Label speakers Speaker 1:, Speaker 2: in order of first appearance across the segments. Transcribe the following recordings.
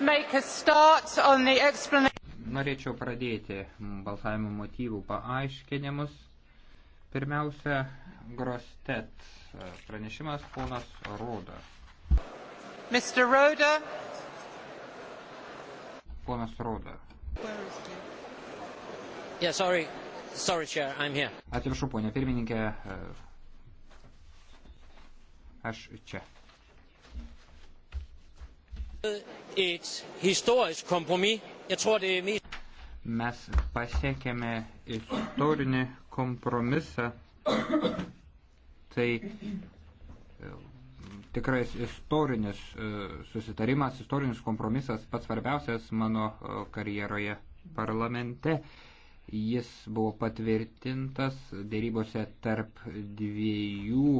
Speaker 1: Norėčiau
Speaker 2: pradėti balsavimo motyvų paaiškinimus. Pirmiausia, Grostet e, pranešimas ponas Roda. Mr. Roda. Ponas Roda. Yeah, sorry. Sorry, chair, I'm here. Atsiprašau, ponė pirmininkė. E, aš čia. Er Mes pasiekėme istorinį kompromisą. Tai e, tikrai istorinis e, susitarimas, istorinis kompromisas, pats svarbiausias mano e, karjeroje parlamente. Jis buvo patvirtintas dėrybose tarp dviejų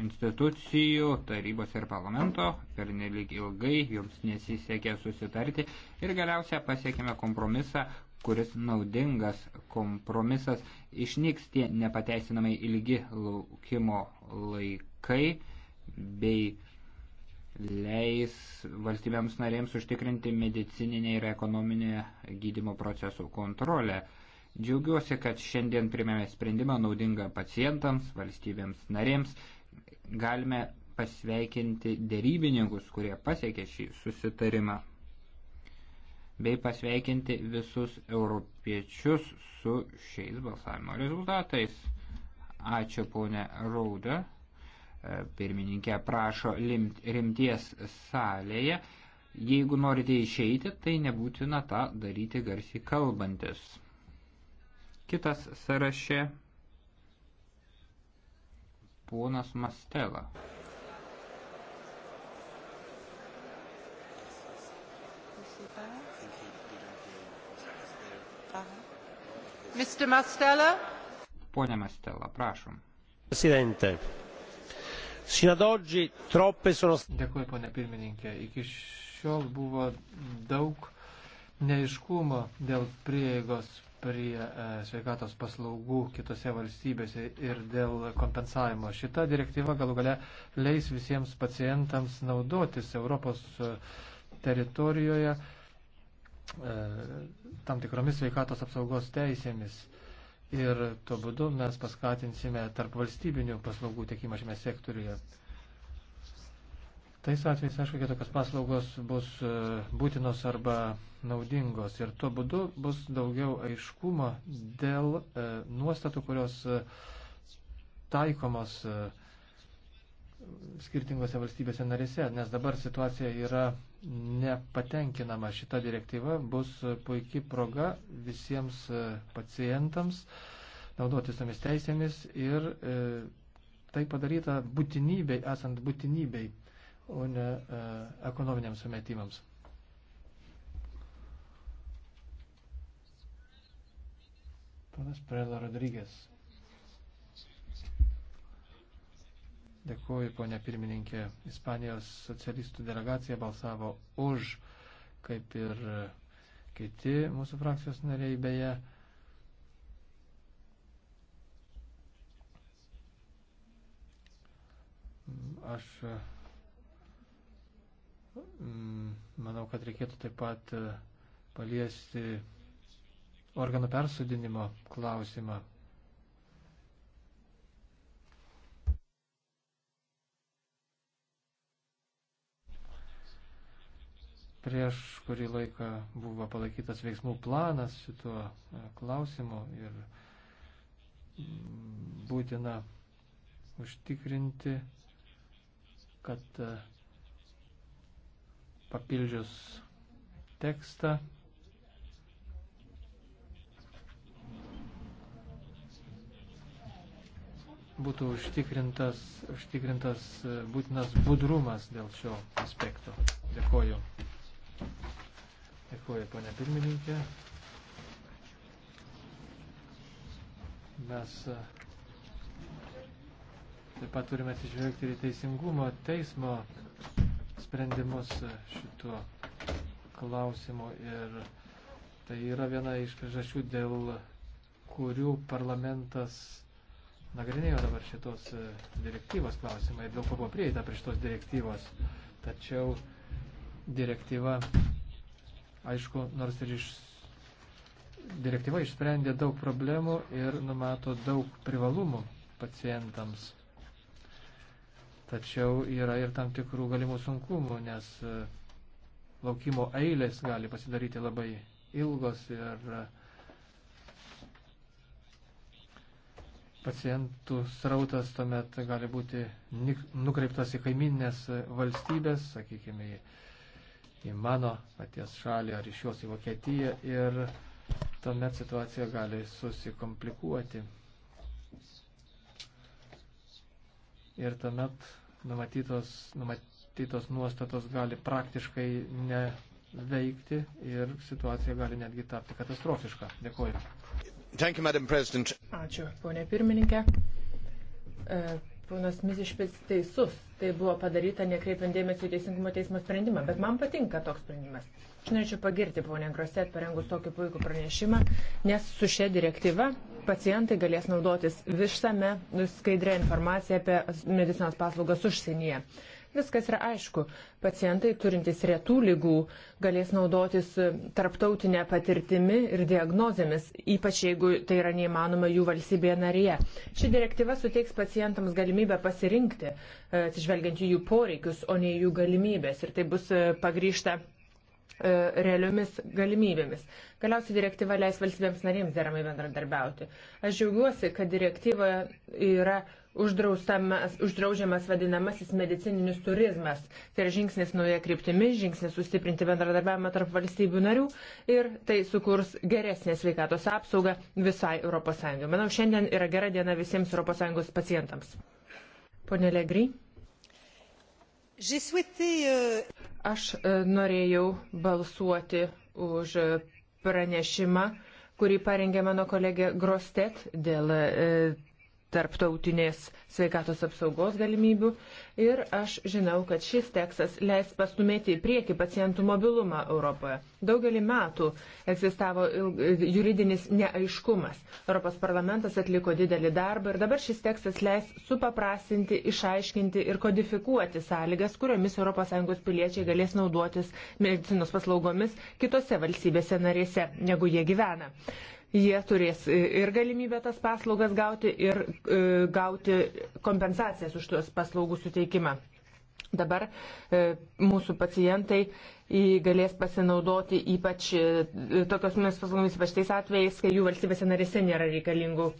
Speaker 2: institucijų, tarybos ir parlamento, per nelik ilgai jums nesisekė susitarti ir galiausia pasiekime kompromisą, kuris naudingas kompromisas. Išnyks tie nepateisinamai ilgi laukimo laikai bei leis valstybėms narėms užtikrinti medicininę ir ekonominę gydymo procesų kontrolę. Džiaugiuosi, kad šiandien primėme sprendimą naudingą pacientams, valstybėms narėms galime pasveikinti dėrybininkus, kurie pasiekė šį susitarimą, bei pasveikinti visus europiečius su šiais balsavimo rezultatais. Ačiū ponė Rauda, e, pirmininkė prašo rimties salėje. Jeigu norite išeiti, tai nebūtina tą daryti garsiai kalbantis. Kitas sąraše ponas Mastela.
Speaker 3: Mr. Mastella.
Speaker 2: Pone Mastella, prašom. Presidente,
Speaker 4: sino ad oggi troppe sono... Dėkuoju, ponė pirmininkė. Iki šiol buvo daug neiškumo dėl prieigos prie e, sveikatos paslaugų kitose valstybėse ir dėl kompensavimo. Šita direktyva galų gale leis visiems pacientams naudotis Europos e, teritorijoje e, tam tikromis sveikatos apsaugos teisėmis. Ir tuo būdu mes paskatinsime tarp valstybinių paslaugų tiekimą šiame sektoriuje. Tais atvejais, aišku, tokios paslaugos bus e, būtinos arba naudingos ir tuo būdu bus daugiau aiškumo dėl e, nuostatų, kurios e, taikomos e, skirtingose valstybėse narėse, nes dabar situacija yra nepatenkinama. Šita direktyva bus puikiai proga visiems e, pacientams naudotis tomis teisėmis ir e, tai padaryta būtinybei, esant būtinybei o ne e, ekonominiams sumetimams. Panas Prela Rodrygės. Dėkuoju, ponė pirmininkė. Ispanijos socialistų delegacija balsavo už, kaip ir e, kiti mūsų frakcijos nariai beje. Aš e, Mm, manau, kad reikėtų taip pat e, paliesti organų persudinimo klausimą. Prieš kurį laiką buvo palaikytas veiksmų planas šituo e, klausimu ir mm, būtina užtikrinti, kad e, papildžius tekstą. būtų užtikrintas, užtikrintas e, būtinas budrumas dėl šio aspekto. Dėkoju. Dėkoju, ponė pirmininkė. Mes e, taip pat turime atsižvelgti ir teisingumo teismo sprendimus šituo klausimu ir tai yra viena iš priežasčių, dėl kurių parlamentas nagrinėjo dabar šitos e, direktyvos klausimą ir dėl ko buvo prieita prie šitos direktyvos. Tačiau direktyva, aišku, nors ir iš direktyva išsprendė daug problemų ir numato daug privalumų pacientams. Tačiau yra ir tam tikrų galimų sunkumų, nes e, laukimo eilės gali pasidaryti labai ilgos ir e, pacientų srautas tuomet gali būti nukreiptas į kaiminės valstybės, sakykime, į mano paties šalį ar iš jos į Vokietiją ir tuomet situacija gali susikomplikuoti. Ir tuomet numatytos, numatytos nuostatos gali praktiškai neveikti ir situacija gali netgi tapti katastrofiška. Dėkuoju. Thank you, Madam President.
Speaker 1: Ačiū, ponė pirmininkė. E, ponas Mizišpis teisus, tai buvo padaryta nekreipiant dėmesio į Teisingumo teismo sprendimą, bet man patinka toks sprendimas. Aš norėčiau pagirti ponę Groset parengus tokį puikų pranešimą, nes su šia direktyva pacientai galės naudotis visame skaidrė informacija apie medicinos paslaugas užsienyje. Viskas yra aišku. Pacientai turintys retų lygų galės naudotis tarptautinę patirtimi ir diagnozėmis, ypač jeigu tai yra neįmanoma jų valstybėje narėje. Ši direktyva suteiks pacientams galimybę pasirinkti, e, atsižvelgiant į jų poreikius, o ne į jų galimybės. Ir tai bus e, pagrįžta E, realiomis galimybėmis. Galiausiai direktyva leis valstybėms narėms deramai bendradarbiauti. Aš džiaugiuosi, kad direktyva yra uždraudžiamas vadinamasis medicininis turizmas. Tai yra žingsnis nauja kryptimi, žingsnis sustiprinti bendradarbiavimą tarp valstybių narių ir tai sukurs geresnę sveikatos apsaugą visai ES. Manau, šiandien yra gera diena visiems ES pacientams. Pone Legry. Euh, Aš e, norėjau balsuoti už pranešimą, kurį parengė mano kolegė Grostet dėl e, tarptautinės sveikatos apsaugos galimybių ir aš žinau, kad šis tekstas leis pastumėti į priekį pacientų mobilumą Europoje. Daugelį metų egzistavo juridinis neaiškumas. Europos parlamentas atliko didelį darbą ir dabar šis tekstas leis supaprastinti, išaiškinti ir kodifikuoti sąlygas, kuriomis ES piliečiai galės naudotis medicinos paslaugomis kitose valstybėse narėse, negu jie gyvena jie turės ir galimybę tas paslaugas gauti, ir gauti kompensacijas už tuos paslaugų suteikimą. Dabar mūsų pacientai galės pasinaudoti ypač tokiosmis paslaugomis, ypač tais atvejais, kai jų valstybėse narėse nėra reikalingų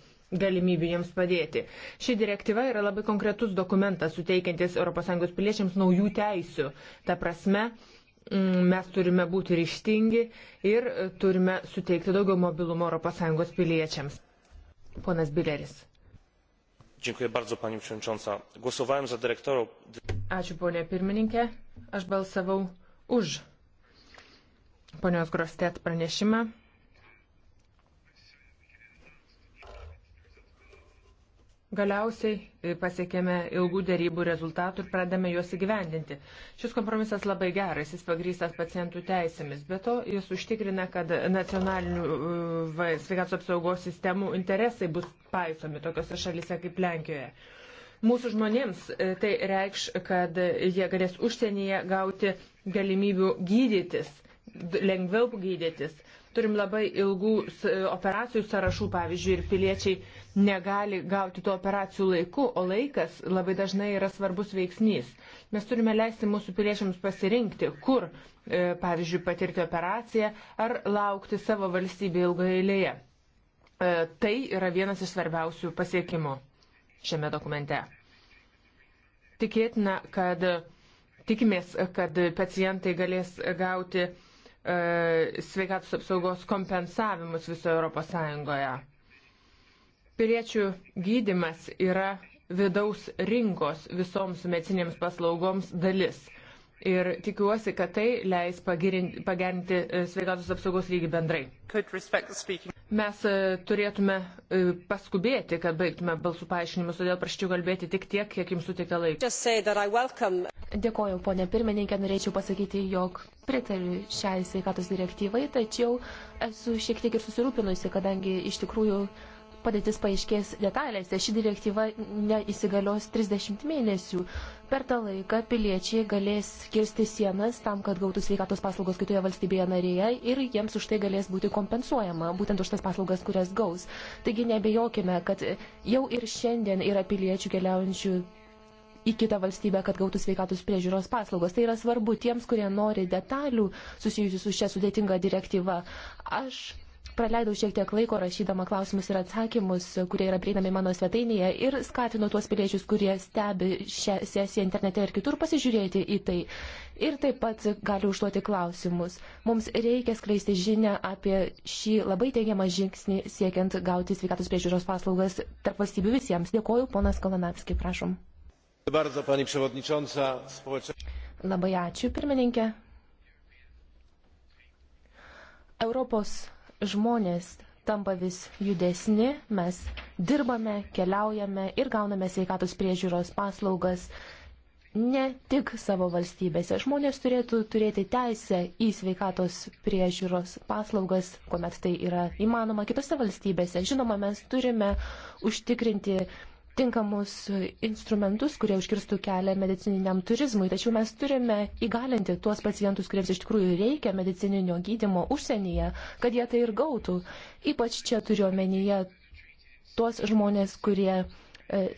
Speaker 1: galimybių jiems padėti. Ši direktyva yra labai konkretus dokumentas, suteikiantis ES piliečiams naujų teisių. Ta prasme, Mm, mes turime būti ryštingi ir turime suteikti daugiau mobilumo ES piliečiams. Ponas Bileris.
Speaker 4: Dziękuję bardzo, pani przewodnicząca. Głosowałem za dyrektorą.
Speaker 1: Ačiū, ponė pirmininkė. Aš balsavau už ponios Grostet pranešimą Galiausiai e, pasiekėme ilgų dėrybų rezultatų ir pradame juos įgyvendinti. Šis kompromisas labai geras, jis pagrystas pacientų teisėmis. Be to, jis užtikrina, kad nacionalinių e, sveikatos apsaugos sistemų interesai bus paisomi tokiose šalise kaip Lenkijoje. Mūsų žmonėms e, tai reikš, kad jie galės užsienyje gauti galimybių gydytis, lengviau gydytis. Turim labai ilgų operacijų sąrašų, pavyzdžiui, ir piliečiai negali gauti tų operacijų laiku, o laikas labai dažnai yra svarbus veiksnys. Mes turime leisti mūsų piliečiams pasirinkti, kur, e, pavyzdžiui, patirti operaciją ar laukti savo valstybėje ilgoje eilėje. E, tai yra vienas iš svarbiausių pasiekimų šiame dokumente. Tikėtina, kad tikimės, kad pacientai galės gauti e, sveikatos apsaugos kompensavimus visoje Europos Sąjungoje Piliečių gydimas yra vidaus rinkos visoms medicinėms paslaugoms dalis. Ir tikiuosi, kad tai leis pagerinti e, sveikatos apsaugos lygį bendrai. Mes e, turėtume e, paskubėti, kad baigtume balsų paaiškinimus, todėl prašyčiau kalbėti tik tiek, kiek jums sutikta
Speaker 5: laiko. Dėkoju, ponė pirmininkė, norėčiau pasakyti, jog pritariu šiai sveikatos direktyvai, tačiau esu šiek tiek ir susirūpinusi, kadangi iš tikrųjų padėtis paaiškės detalėse. Ši direktyva neįsigalios 30 mėnesių. Per tą laiką piliečiai galės kirsti sienas tam, kad gautų sveikatos paslaugos kitoje valstybėje narėje ir jiems už tai galės būti kompensuojama, būtent už tas paslaugas, kurias gaus. Taigi nebejokime, kad jau ir šiandien yra piliečių keliaujančių į kitą valstybę, kad gautų sveikatos priežiūros paslaugos. Tai yra svarbu tiems, kurie nori detalių susijusių su šia sudėtinga direktyva. Aš Praleidau šiek tiek laiko rašydama klausimus ir atsakymus, kurie yra prieinami mano svetainėje ir skatinu tuos piliečius, kurie stebi šią sesiją internete ir kitur pasižiūrėti į tai. Ir taip pat gali užduoti klausimus. Mums reikia skleisti žinę apie šį labai teigiamą žingsnį siekiant gauti sveikatos priežiūros paslaugas tarp valstybių visiems. Dėkoju, ponas Kolanapski, prašom. Labai ačiū, pirmininkė. Europos žmonės tampa vis judesni, mes dirbame, keliaujame ir gauname sveikatos priežiūros paslaugas ne tik savo valstybėse. Žmonės turėtų turėti teisę į sveikatos priežiūros paslaugas, kuomet tai yra įmanoma kitose valstybėse. Žinoma, mes turime užtikrinti tinkamus instrumentus, kurie užkirstų kelią medicininiam turizmui. Tačiau mes turime įgalinti tuos pacientus, kuriems iš tikrųjų reikia medicininio gydimo užsienyje, kad jie tai ir gautų. Ypač čia turiu omenyje tuos žmonės, kurie e,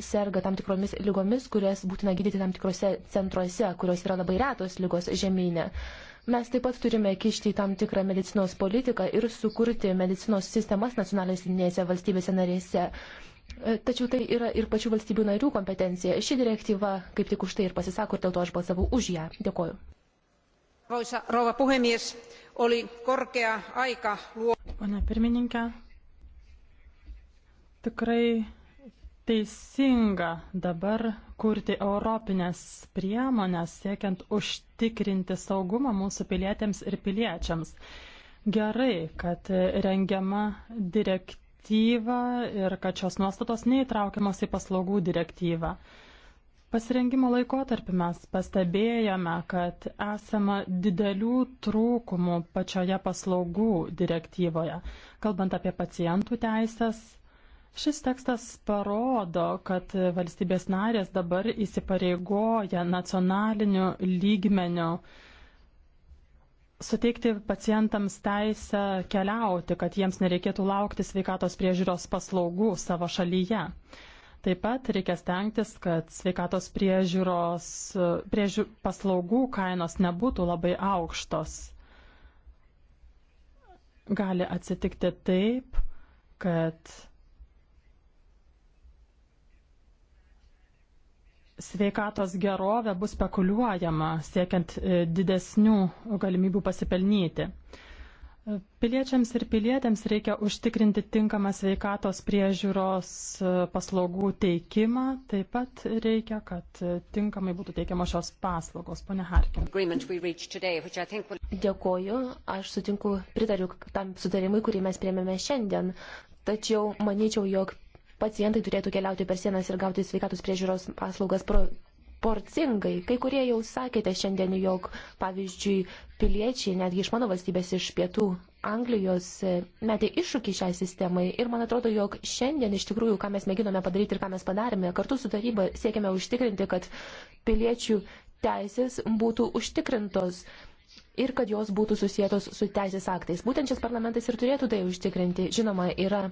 Speaker 5: serga tam tikromis lygomis, kurias būtina gydyti tam tikrose centruose, kurios yra labai retos lygos žemynė. Mes taip pat turime kišti į tam tikrą medicinos politiką ir sukurti medicinos sistemas nacionalinėse valstybėse narėse. E, tačiau tai yra ir pačių valstybių narių kompetencija. Ši direktyva kaip tik už tai ir pasisako ir dėl to aš balsavau už ją. Dėkoju.
Speaker 1: Arvoisa rouva puhemies, oli korkea aika luoda.
Speaker 5: Pane pirmininkė,
Speaker 3: tikrai teisinga dabar kurti europinės priemonės siekiant užtikrinti saugumą mūsų pilietėms ir piliečiams. Gerai, kad rengiama direktyva direktyvą ir kad šios nuostatos neįtraukiamos į paslaugų direktyvą. Pasirengimo laikotarpį mes pastebėjome, kad esama didelių trūkumų pačioje paslaugų direktyvoje. Kalbant apie pacientų teisės, šis tekstas parodo, kad valstybės narės dabar įsipareigoja nacionaliniu lygmeniu uh, suteikti pacientams teisę keliauti, kad jiems nereikėtų laukti sveikatos priežiūros paslaugų savo šalyje. Taip pat reikia stengtis, kad sveikatos priežiūros priežiū, paslaugų kainos nebūtų labai aukštos. Gali atsitikti taip, kad sveikatos gerovę bus spekuliuojama, siekiant e, didesnių galimybių pasipelnyti. E, piliečiams ir pilietėms reikia užtikrinti tinkamą sveikatos priežiūros e, paslaugų teikimą, taip pat reikia, kad
Speaker 5: tinkamai būtų teikiamos šios paslaugos. Pone Harkin. Dėkoju, aš sutinku, pritariu tam sutarimui, kurį mes priemėme šiandien. Tačiau manyčiau, jog pacientai turėtų keliauti per sienas ir gauti sveikatos priežiūros paslaugas proporcingai. Kai kurie jau sakėte šiandien, jog pavyzdžiui piliečiai, netgi iš mano valstybės, iš pietų Anglijos, e, metė iššūkį šiai sistemai ir man atrodo, jog šiandien iš tikrųjų, ką mes mėginome padaryti ir ką mes padarėme, kartu su taryba siekime užtikrinti, kad piliečių teisės būtų užtikrintos ir kad jos būtų susijėtos su teisės aktais. Būtent šis parlamentas ir turėtų tai užtikrinti. Žinoma, yra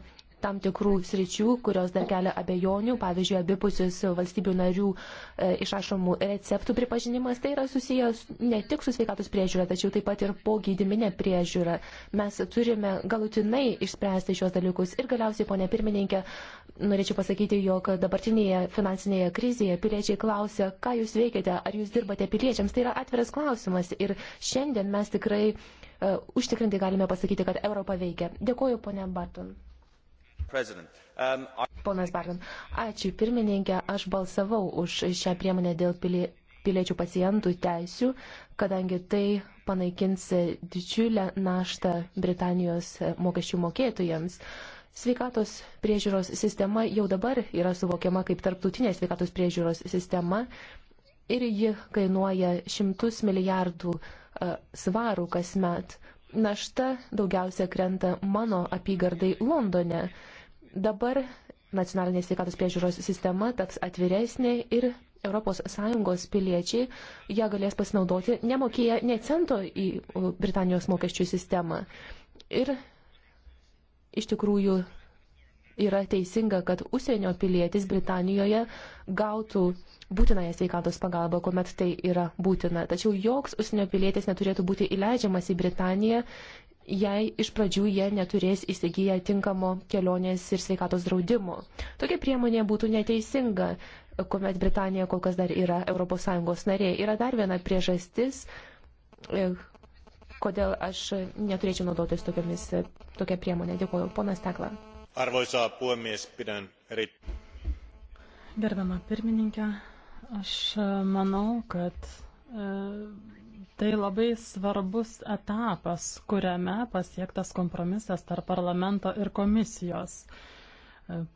Speaker 5: tam tikrų sričių, kurios dar kelia abejonių, pavyzdžiui, abipusius valstybių narių e, išrašomų receptų pripažinimas. Tai yra susijęs ne tik su sveikatos priežiūra, tačiau taip pat ir po gydiminė priežiūra. Mes turime galutinai išspręsti šios dalykus. Ir galiausiai, ponė pirmininkė, norėčiau pasakyti, jog dabartinėje finansinėje krizėje piliečiai klausia, ką jūs veikiate, ar jūs dirbate piliečiams. Tai yra atviras klausimas. Ir šiandien mes tikrai uh, e, užtikrinti galime pasakyti, kad Europa veikia. Dėkuoju, ponė Barton.
Speaker 2: Um,
Speaker 5: Ponas Barton, ačiū pirmininkė, aš balsavau už šią priemonę dėl pilie, piliečių pacientų teisių, kadangi tai panaikins didžiulę naštą Britanijos mokesčių mokėtojams. Sveikatos priežiūros sistema jau dabar yra suvokiama kaip tarptautinė sveikatos priežiūros sistema ir ji kainuoja šimtus milijardų e, svarų kasmet. Našta daugiausia krenta mano apygardai Londone. Dabar nacionalinė sveikatos priežiūros sistema taps atviresnė ir ES piliečiai ją galės pasinaudoti, nemokėję ne cento į Britanijos mokesčių sistemą. Ir iš tikrųjų yra teisinga, kad užsienio pilietis Britanijoje gautų būtinąją sveikatos pagalbą, kuomet tai yra būtina. Tačiau joks užsienio pilietis neturėtų būti įleidžiamas į Britaniją jei iš pradžių jie neturės įsigiję tinkamo kelionės ir sveikatos draudimo. Tokia priemonė būtų neteisinga, kuomet Britanija kol kas dar yra ES narė. Yra dar viena priežastis, e, kodėl aš neturėčiau naudotis tokiamis, e, tokia priemonė. Dėkuoju, ponas Tekla.
Speaker 2: Arvoisa puhemies, pidän erittäin.
Speaker 5: Gerbiama pirmininkė, aš
Speaker 3: e, manau, kad e, Tai labai svarbus etapas, kuriame pasiektas kompromisas tarp parlamento ir komisijos.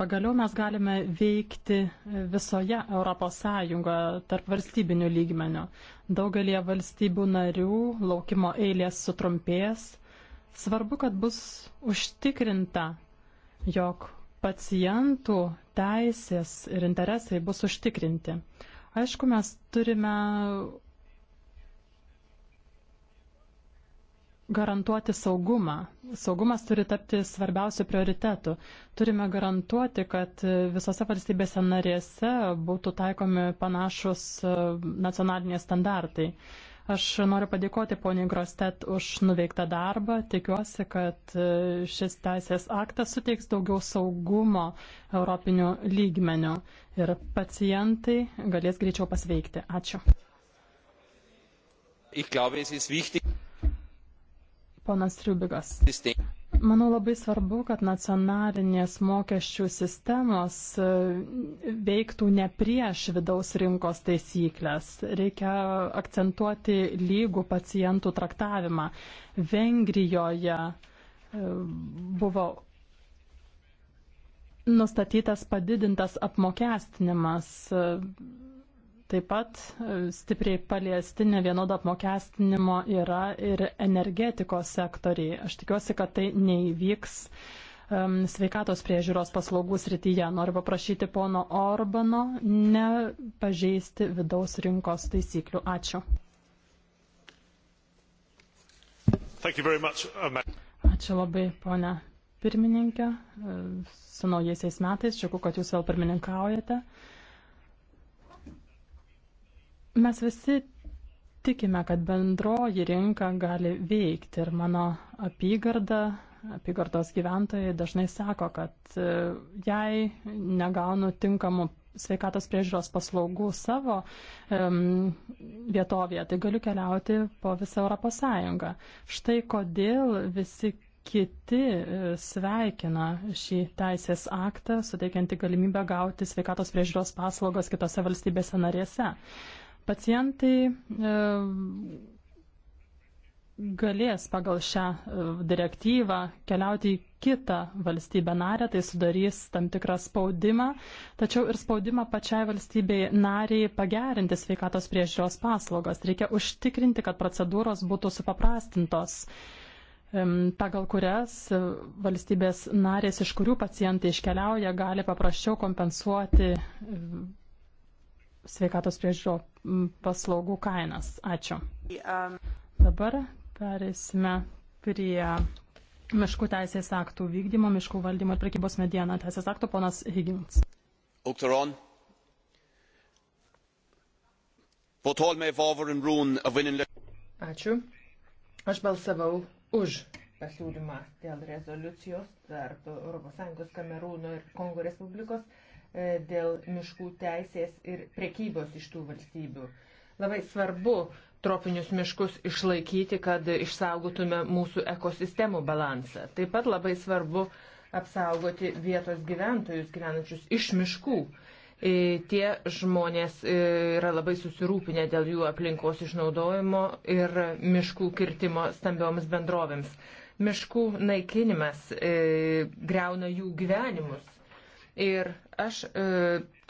Speaker 3: Pagaliau mes galime veikti visoje ES tarp valstybinių lygmenių. Daugelie valstybių narių laukimo eilės sutrumpės. Svarbu, kad bus užtikrinta, jog pacientų teisės ir interesai bus užtikrinti. Aišku, mes turime garantuoti saugumą. Saugumas turi tapti svarbiausių prioritetų. Turime garantuoti, kad visose valstybėse narėse būtų taikomi panašus e, nacionaliniai standartai. Aš noriu padėkoti poniai Grostet už nuveiktą darbą. Tikiuosi, kad e, šis teisės aktas suteiks daugiau saugumo europinių lygmenių ir pacientai galės greičiau pasveikti. Ačiū.
Speaker 2: Ich glaube, es ist wichtig.
Speaker 3: Ponas Riubigas. Manau labai svarbu, kad nacionalinės mokesčių sistemos e, veiktų ne prieš vidaus rinkos taisyklės. Reikia akcentuoti lygų pacientų traktavimą. Vengrijoje e, buvo nustatytas padidintas apmokestinimas e, Taip pat e, stipriai paliesti nevienodo apmokestinimo yra ir energetikos sektoriai. Aš tikiuosi, kad tai neįvyks um, sveikatos priežiūros paslaugų srityje. Noriu paprašyti pono Orbano nepažeisti vidaus rinkos taisyklių. Ačiū.
Speaker 1: Much, uh,
Speaker 3: Ačiū labai, ponia pirmininkė. E, su naujaisiais metais, džiugu, kad jūs vėl pirmininkaujate. Mes visi tikime, kad bendroji rinka gali veikti ir mano apygarda, apygardos gyventojai dažnai sako, kad e, jei negaunu tinkamų sveikatos priežiūros paslaugų savo um, vietovėje, tai galiu keliauti po visą Europos Sąjungą. Štai kodėl visi kiti e, sveikina šį teisės aktą, suteikianti galimybę gauti sveikatos priežiūros paslaugos kitose valstybėse narėse. Pacientai e, galės pagal šią e, direktyvą keliauti į kitą valstybę narę, tai sudarys tam tikrą spaudimą, tačiau ir spaudimą pačiai valstybei nariai pagerinti sveikatos priežiūros paslaugas. Reikia užtikrinti, kad procedūros būtų supaprastintos pagal kurias e, valstybės narės, iš kurių pacientai iškeliauja, gali paprasčiau kompensuoti sveikatos priežiūro paslaugų kainas. Ačiū. Um, Dabar perėsime prie miškų teisės aktų vykdymo, miškų valdymo ir prekybos medieną teisės aktų ponas Higgins. Uktaron. Ačiū. Aš balsavau
Speaker 1: už pasiūlymą dėl rezoliucijos tarp ES Kamerūno ir Kongo Respublikos E, dėl miškų teisės ir prekybos iš tų valstybių. Labai svarbu tropinius miškus išlaikyti, kad išsaugotume mūsų ekosistemų balansą. Taip pat labai svarbu apsaugoti vietos gyventojus gyvenančius iš miškų. E, tie žmonės e, yra labai susirūpinę dėl jų aplinkos išnaudojimo ir miškų kirtimo stambioms bendrovėms. Miškų naikinimas e, greuna jų gyvenimus Ir aš e,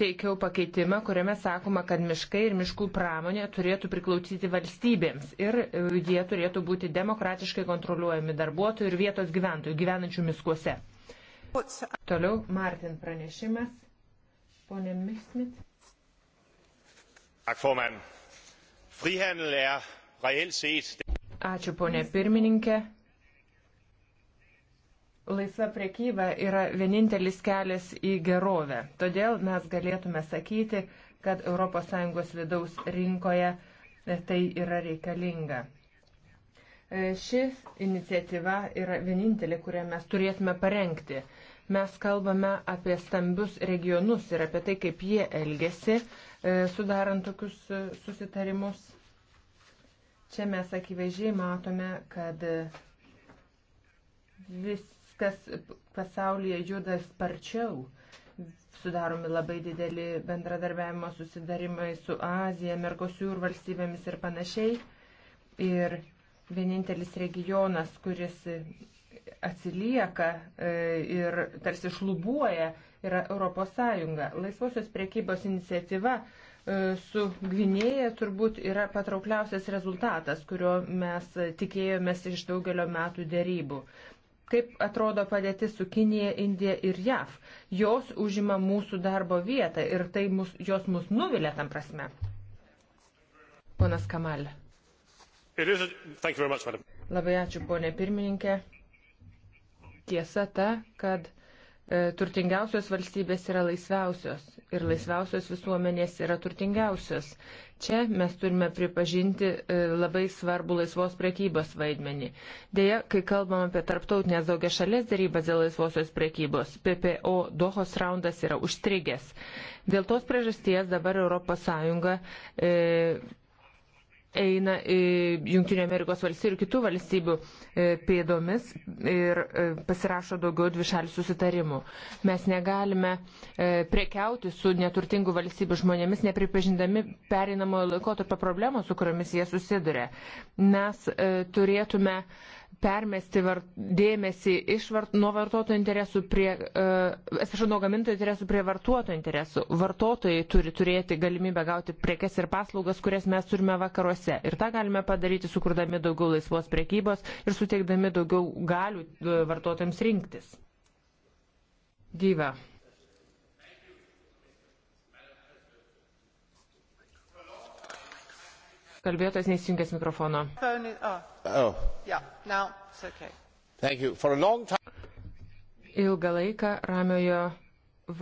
Speaker 1: teikiau pakeitimą, kuriame sakoma, kad miškai ir miškų pramonė turėtų priklausyti valstybėms ir e, jie turėtų būti demokratiškai kontroliuojami darbuotojų ir vietos gyventojų gyvenančių miskuose. Toliau Martin pranešimas. Pone Mismit.
Speaker 2: Tak, formand. Frihandel er reelt set.
Speaker 1: Ačiū, ponė pirmininkė Laisva priekyba yra vienintelis kelias į gerovę. Todėl mes galėtume sakyti, kad ES vidaus rinkoje tai yra reikalinga. E, Šis iniciatyva yra vienintelė, kurią mes turėtume parengti. Mes kalbame apie stambius regionus ir apie tai, kaip jie elgesi, e, sudarant tokius e, susitarimus. Čia mes akivaizdžiai matome, kad visi viskas pasaulyje juda sparčiau. Sudaromi labai dideli bendradarbiavimo susidarimai su Azija, Merkosiūr valstybėmis ir panašiai. Ir vienintelis regionas, kuris atsilieka e, ir tarsi šlubuoja, yra Europos Sąjunga. Laisvosios priekybos iniciatyva e, su Gvinėja turbūt yra patraukliausias rezultatas, kurio mes tikėjomės iš daugelio metų dėrybų kaip atrodo padėtis su Kinija, Indija ir JAV. Jos užima mūsų darbo vietą ir tai mus, jos mus nuvilia tam prasme. Ponas Kamal.
Speaker 5: Is, much,
Speaker 1: Labai ačiū, ponė pirmininkė. Tiesa ta, kad E, turtingiausios valstybės yra laisviausios ir laisviausios visuomenės yra turtingiausios. Čia mes turime pripažinti e, labai svarbų laisvos priekybos vaidmenį. Deja, kai kalbam apie tarptautinės daugia šalės darybas dėl laisvosios priekybos, PPO Dohos raundas yra užstrigęs. Dėl tos priežasties dabar ES eina Junktinių Amerikos valstybių ir kitų valstybių e, pėdomis ir e, pasirašo daugiau dvišalių susitarimų. Mes negalime e, prekiauti su neturtingų valstybių žmonėmis, nepripažindami pereinamojo laikotarpio problemos, su kuriomis jie susiduria. Mes turėtume uh, permesti vart, dėmesį iš vart, nuo vartotojų interesų prie, uh, atsiprašau, nuo gamintojų interesų prie vartotojų interesų. Vartotojai turi turėti galimybę gauti prekes ir paslaugas, kurias mes turime vakaruose. Ir tą galime padaryti, sukurdami daugiau laisvos priekybos ir suteikdami daugiau galių e, vartotojams rinktis. Gyva. Kalbėtojas neįsijungęs mikrofono. Oh. Ilgą laiką ramiojo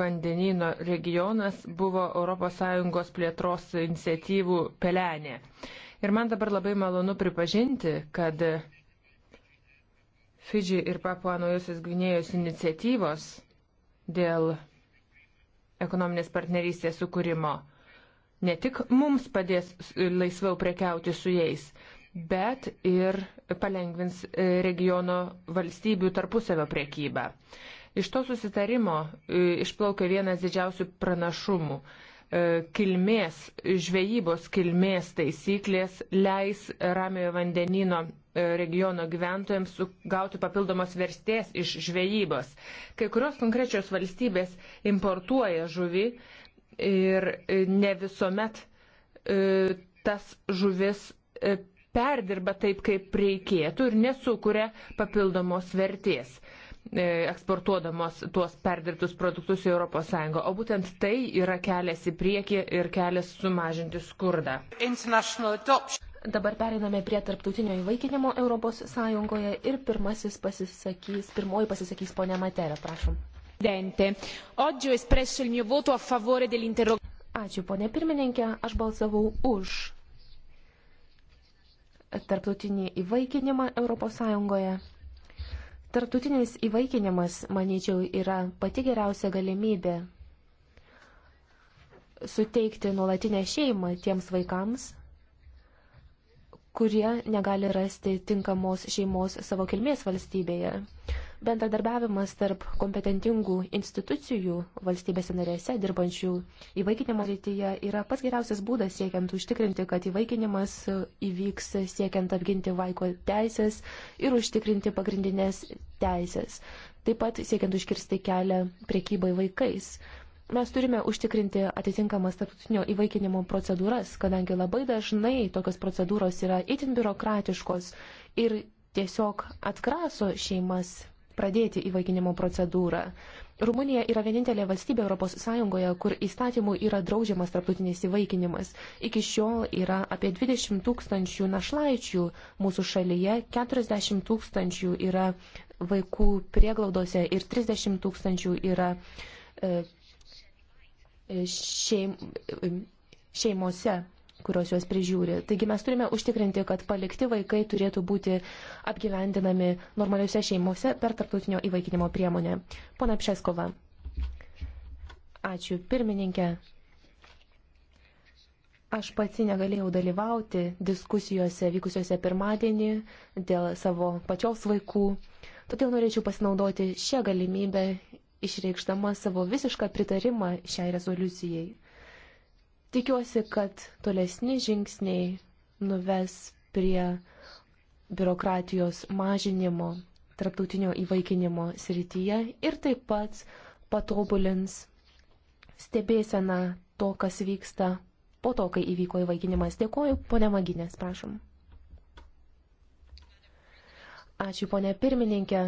Speaker 1: vandenino regionas buvo ES plėtros iniciatyvų pelenė. Ir man dabar labai malonu pripažinti, kad Fidži ir Papua Naujusios Gvinėjos iniciatyvos dėl ekonominės partnerystės sukūrimo ne tik mums padės laisviau prekiauti su jais, bet ir palengvins e, regiono valstybių tarpusavio priekybą. Iš to susitarimo e, išplaukia vienas didžiausių pranašumų. E, kilmės, žvejybos kilmės taisyklės leis ramiojo vandenino regiono gyventojams gauti papildomos verstės iš žvejybos. Kai kurios konkrečios valstybės importuoja žuvį, ir e, ne visuomet e, tas žuvis e, perdirba taip, kaip reikėtų ir nesukuria papildomos vertės eksportuodamos tuos perdirbtus produktus į ES. O būtent tai yra kelias į priekį ir kelias sumažinti skurdą.
Speaker 5: Dabar pereiname prie tarptautinio įvaikinimo ES ir pirmasis pasisakys, pirmoji pasisakys ponia Materė, prašom. Presidente, oggi ho espresso il mio voto a favore dell'interrogazione. Ačiū, ponė pirmininkė, aš balsavau už tarptautinį įvaikinimą ES. Tarptautinis įvaikinimas, manyčiau, yra pati geriausia galimybė suteikti nuolatinę šeimą tiems vaikams, kurie negali rasti tinkamos šeimos savo kilmės valstybėje. Bendradarbiavimas tarp kompetentingų institucijų valstybėse narėse dirbančių įvaikinimo rytyje yra pats geriausias būdas siekiant užtikrinti, kad įvaikinimas įvyks siekiant apginti vaiko teisės ir užtikrinti pagrindinės teisės. Taip pat siekiant užkirsti kelią priekybai vaikais mes turime užtikrinti atitinkamas tarptautinio įvaikinimo procedūras, kadangi labai dažnai tokios procedūros yra itin biurokratiškos ir tiesiog atgraso šeimas pradėti įvaikinimo procedūrą. Rumunija yra vienintelė valstybė ES, kur įstatymų yra draudžiamas tarptautinis įvaikinimas. Iki šiol yra apie 20 tūkstančių našlaičių mūsų šalyje, 40 tūkstančių yra vaikų prieglaudose ir 30 tūkstančių yra e, e, šeim, e, šeimose kurios juos prižiūri. Taigi mes turime užtikrinti, kad palikti vaikai turėtų būti apgyvendinami normaliuose šeimuose per tarptautinio įvaikinimo priemonę. Pona Pšeskova. Ačiū, pirmininkė. Aš pati negalėjau dalyvauti diskusijose vykusiuose pirmadienį dėl savo pačios vaikų, todėl norėčiau pasinaudoti šią galimybę išreikšdama savo visišką pritarimą šiai rezoliucijai. Tikiuosi, kad tolesni žingsniai nuves prie biurokratijos mažinimo tarptautinio įvaikinimo srityje ir taip pat patobulins stebėseną to, kas vyksta po to, kai įvyko įvaikinimas. Dėkuoju, ponia Maginės, prašom. Ačiū, ponia pirmininkė.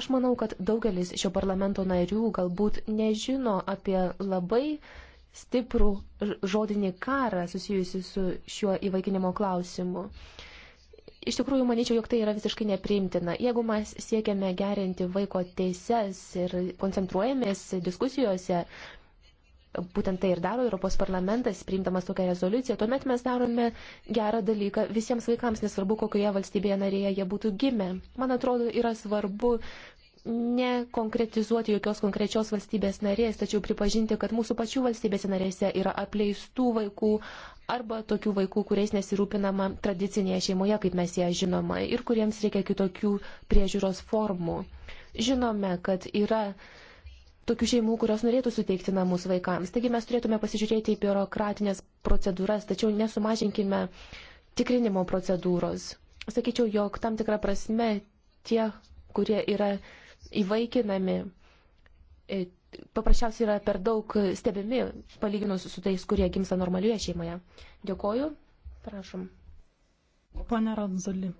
Speaker 5: Aš manau, kad daugelis šio parlamento narių galbūt nežino apie labai stiprų žodinį karą susijusi su šiuo įvaikinimo klausimu. Iš tikrųjų, manyčiau, jog tai yra visiškai nepriimtina. Jeigu mes siekiame gerinti vaiko teises ir koncentruojamės diskusijose, būtent tai ir daro Europos parlamentas, priimdamas tokią rezoliuciją, tuomet mes darome gerą dalyką visiems vaikams, nesvarbu, kokioje valstybėje narėje jie būtų gimę. Man atrodo, yra svarbu nekonkretizuoti jokios konkrečios valstybės narės, tačiau pripažinti, kad mūsų pačių valstybėse narėse yra apleistų vaikų arba tokių vaikų, kuriais nesirūpinama tradicinėje šeimoje, kaip mes ją žinoma, ir kuriems reikia kitokių priežiūros formų. Žinome, kad yra tokių šeimų, kurios norėtų suteikti namus vaikams. Taigi mes turėtume pasižiūrėti į biurokratinės procedūras, tačiau nesumažinkime tikrinimo procedūros. Sakyčiau, jog tam tikrą prasme tie, kurie yra įvaikinami, e, paprasčiausiai yra per daug stebimi, palyginus su tais, kurie gimsta normalioje šeimoje. Dėkoju, prašom. Pane Ranzoli.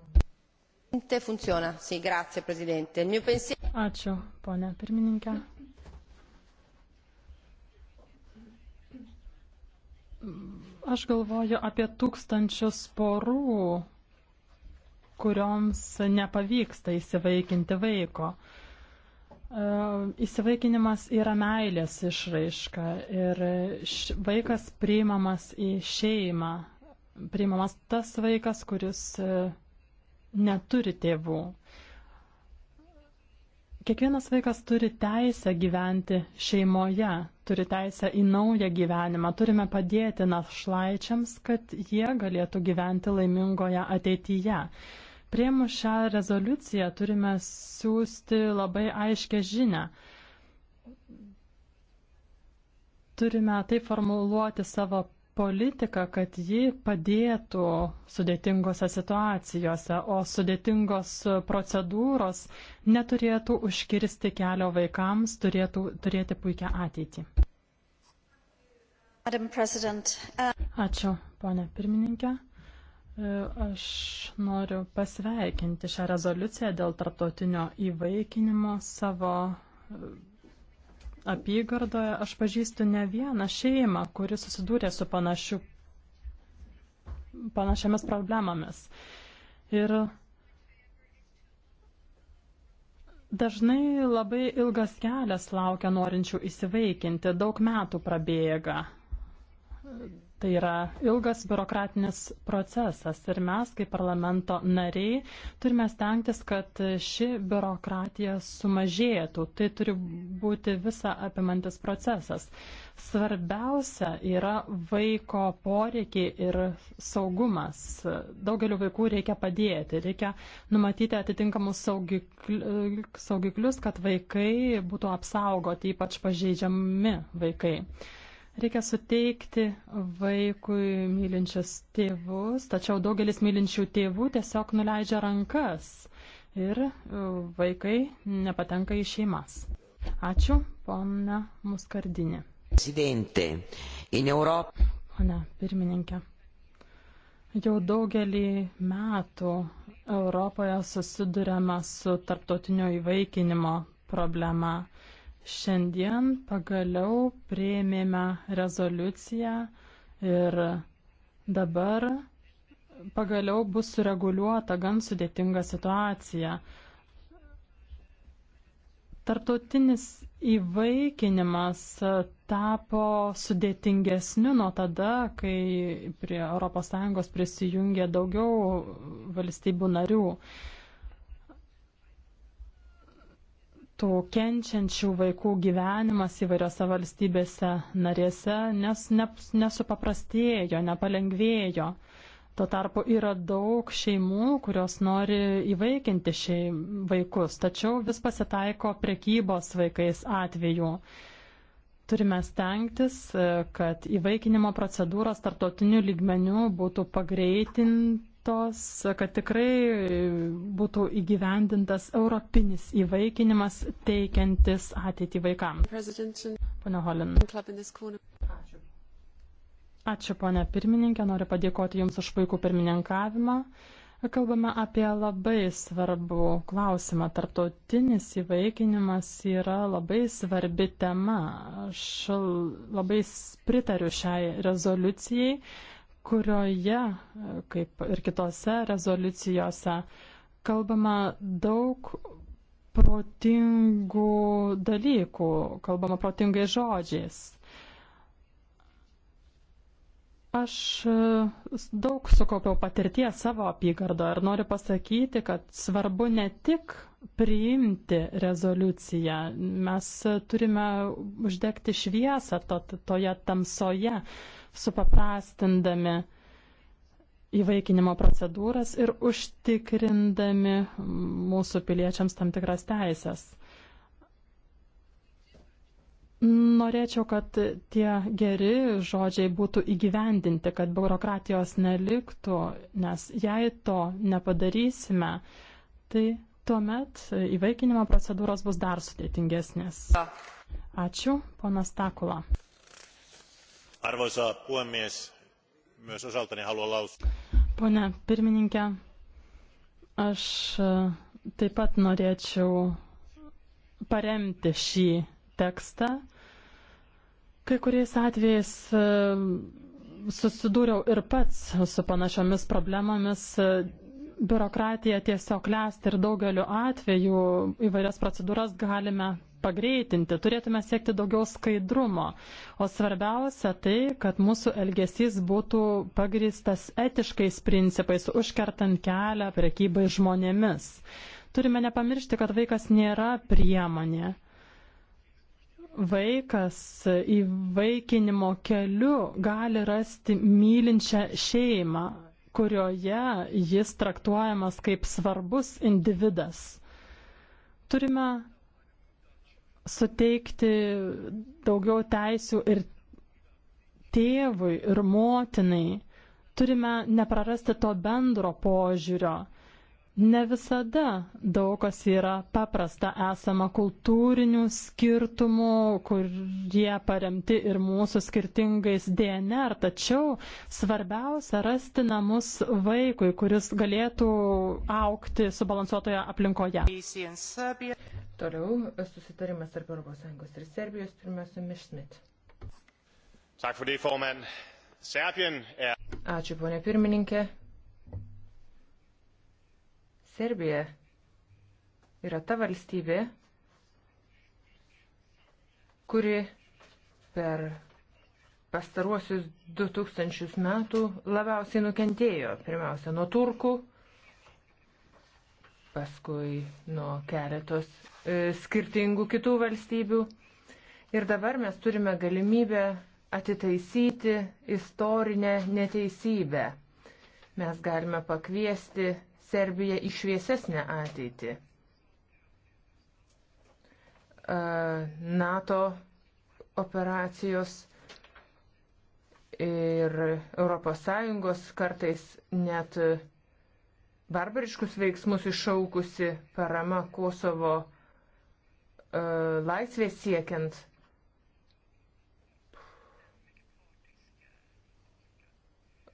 Speaker 3: Ačiū, ponė pirmininkė. Aš galvoju apie tūkstančius porų, kurioms nepavyksta įsivaikinti vaiko. E, įsivaikinimas yra meilės išraiška ir vaikas priimamas į šeimą, priimamas tas vaikas, kuris e, neturi tėvų. Kiekvienas vaikas turi teisę gyventi šeimoje, turi teisę į naują gyvenimą. Turime padėti našlaičiams, kad jie galėtų gyventi laimingoje ateityje. Prieimus šią rezoliuciją turime siūsti labai aiškę žinę. Turime tai formuluoti savo politiką, kad ji padėtų sudėtingose situacijose, o sudėtingos procedūros neturėtų užkirsti kelio vaikams, turėtų turėti puikią ateitį.
Speaker 4: Uh,
Speaker 3: Ačiū, ponė pirmininkė. E, aš noriu pasveikinti šią rezoliuciją dėl tarptautinio įvaikinimo savo e, apygardoje. Aš pažįstu ne vieną šeimą, kuri susidūrė su panašiu, panašiamis problemomis. Ir dažnai labai ilgas kelias laukia norinčių įsivaikinti, daug metų prabėga Tai yra ilgas biurokratinis procesas ir mes, kaip parlamento nariai, turime stengtis, kad ši biurokratija sumažėtų. Tai turi būti visa apimantis procesas. Svarbiausia yra vaiko poreikiai ir saugumas. Daugeliu vaikų reikia padėti, reikia numatyti atitinkamus saugiklius, kad vaikai būtų apsaugoti, ypač pažeidžiami vaikai. Reikia suteikti vaikui mylinčius tėvus, tačiau daugelis mylinčių tėvų tiesiog nuleidžia rankas ir e, vaikai nepatenka į šeimas. Ačiū, pona Muskardinė. Pone pirmininkė, jau daugelį metų Europoje susidurėme su tarptautinio įvaikinimo problema. Šiandien pagaliau prieimėme rezoliuciją ir dabar pagaliau bus sureguliuota gan sudėtinga situacija. Tartautinis įvaikinimas tapo sudėtingesniu nuo tada, kai prie ES prisijungė daugiau valstybių narių. tų kenčiančių vaikų gyvenimas įvairiose valstybėse narėse nes ne, nesupaprastėjo, nepalengvėjo. Tuo tarpu yra daug šeimų, kurios nori įvaikinti šeim, vaikus, tačiau vis pasitaiko prekybos vaikais atveju. Turime stengtis, e, kad įvaikinimo procedūros tarptautiniu lygmeniu būtų pagreitinti tos, kad tikrai būtų įgyvendintas europinis įvaikinimas teikiantis ateitį vaikams. Pane Holin.
Speaker 1: Ačiū.
Speaker 3: Ačiū, ponė pirmininkė. Noriu padėkoti Jums už puikų pirmininkavimą. Kalbame apie labai svarbų klausimą. Tartautinis įvaikinimas yra labai svarbi tema. Aš labai pritariu šiai rezoliucijai kurioje, kaip ir kitose rezoliucijose, kalbama daug protingų dalykų, kalbama protingai žodžiais. Aš e, daug sukaupiau patirties savo apygardo ir noriu pasakyti, kad svarbu ne tik priimti rezoliuciją, mes turime uždegti šviesą to, toje tamsoje, supaprastindami įvaikinimo procedūras ir užtikrindami mūsų piliečiams tam tikras teisės. Norėčiau, kad tie geri žodžiai būtų įgyvendinti, kad biurokratijos neliktų, nes jei to nepadarysime, tai tuomet įvaikinimo procedūros bus dar sudėtingesnės. Ačiū, ponas Takula.
Speaker 2: Arvoisa puhemies, myös osaltani haluan lausua.
Speaker 3: Pone pirmininkė, aš e, taip pat norėčiau paremti šį tekstą. Kai kuriais atvejais e, susidūriau ir pats su panašiomis problemomis. Biurokratija tiesiog lesti ir daugeliu atveju įvairias procedūras galime pagreitinti, turėtume siekti daugiau skaidrumo. O svarbiausia tai, kad mūsų elgesys būtų pagristas etiškais principais, užkertant kelią prekybai žmonėmis. Turime nepamiršti, kad vaikas nėra priemonė vaikas įvaikinimo keliu gali rasti mylinčią šeimą, kurioje jis traktuojamas kaip svarbus individas. Turime suteikti daugiau teisių ir tėvui, ir motinai. Turime neprarasti to bendro požiūrio. Ne visada daug kas yra paprasta, esama kultūrinių skirtumų, kurie paremti ir mūsų skirtingais DNR, tačiau svarbiausia rasti namus vaikui, kuris galėtų aukti subalansuotoje aplinkoje.
Speaker 1: Toliau susitarimas tarp ES ir Serbijos, pirmiausia, Mišsmit. Er- Ačiū, ponė pirmininkė. Serbija yra ta valstybė, kuri per pastaruosius 2000 metų labiausiai nukentėjo. Pirmiausia, nuo turkų, paskui nuo keletos e, skirtingų kitų valstybių. Ir dabar mes turime galimybę atitaisyti istorinę neteisybę. Mes galime pakviesti Serbiją į šviesesnę ateitį. E, NATO operacijos ir ES kartais net barbariškus veiksmus iššaukusi parama Kosovo e, laisvės siekiant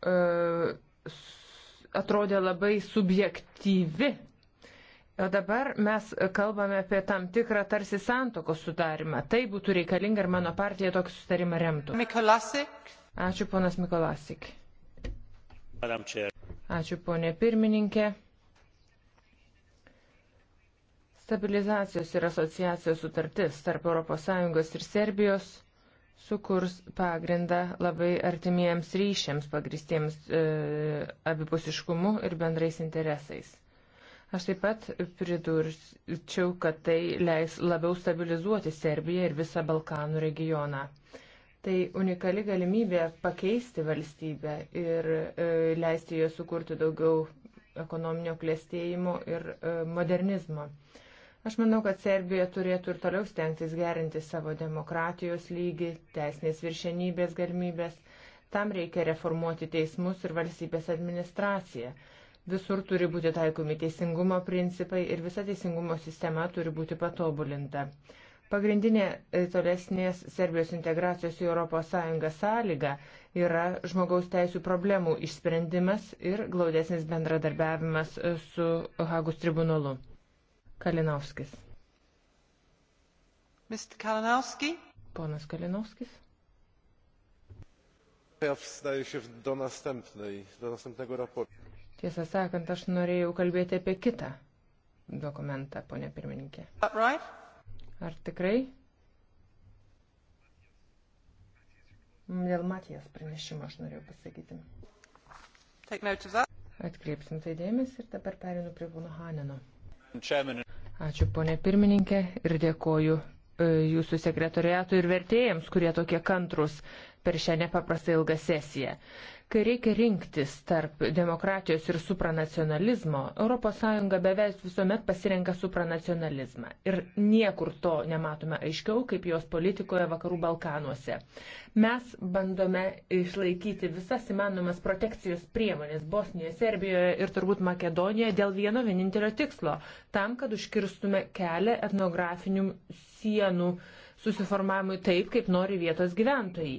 Speaker 1: uh, atrodė labai subjektyvi. O dabar mes kalbame apie tam tikrą tarsi santokos sudarimą. Tai būtų reikalinga ir mano partija tokį sustarimą remtų. Mikolasik. Ačiū, ponas Mikolasik.
Speaker 4: Ačiū,
Speaker 1: ponė pirmininkė. Stabilizacijos ir asociacijos sutartis tarp ES ir Serbijos sukurs pagrindą labai artimiems ryšiams pagristiems e, abipusiškumu ir bendrais interesais. Aš taip pat pridurčiau, kad tai leis labiau stabilizuoti Serbiją ir visą Balkanų regioną. Tai unikali galimybė pakeisti valstybę ir e, leisti joje sukurti daugiau ekonominio klėstėjimo ir e, modernizmo. E, Aš manau, kad Serbija turėtų ir toliau stengtis gerinti savo demokratijos lygį, teisinės viršenybės galimybės. Tam reikia reformuoti teismus ir valstybės administraciją. Visur turi būti taikomi teisingumo principai ir visa teisingumo sistema turi būti patobulinta. Pagrindinė e, tolesnės Serbijos integracijos į ES sąlyga yra žmogaus teisų problemų išsprendimas ir glaudesnis bendradarbiavimas e, su Hagos tribunolu. Kalinovskis. Mr. Kalinowski. Ponas Kalinowskis.
Speaker 4: Ja wstaję się do następnej, do następnego raportu.
Speaker 1: Tiesą sakant, aš norėjau kalbėti apie kitą dokumentą, ponė pirmininkė. Right? Ar tikrai? Dėl Matijas pranešimo aš norėjau pasakyti. Atkreipsim tai dėmesį ir dabar perinu prie Vuno Haneno. Ačiū ponė pirmininkė ir dėkoju e, jūsų sekretoriatui ir vertėjams, kurie tokie kantrus per šią nepaprastai ilgą sesiją. Kai reikia rinktis tarp demokratijos ir supranacionalizmo, ES beveik visuomet pasirenka supranacionalizmą. Ir niekur to nematome aiškiau, kaip jos politikoje Vakarų Balkanuose. Mes bandome išlaikyti visas įmanomas protekcijos priemonės Bosnijoje, Serbijoje ir turbūt Makedonijoje dėl vieno vienintelio tikslo - tam, kad užkirstume kelią etnografinių sienų susiformavimui taip, kaip nori vietos gyventojai.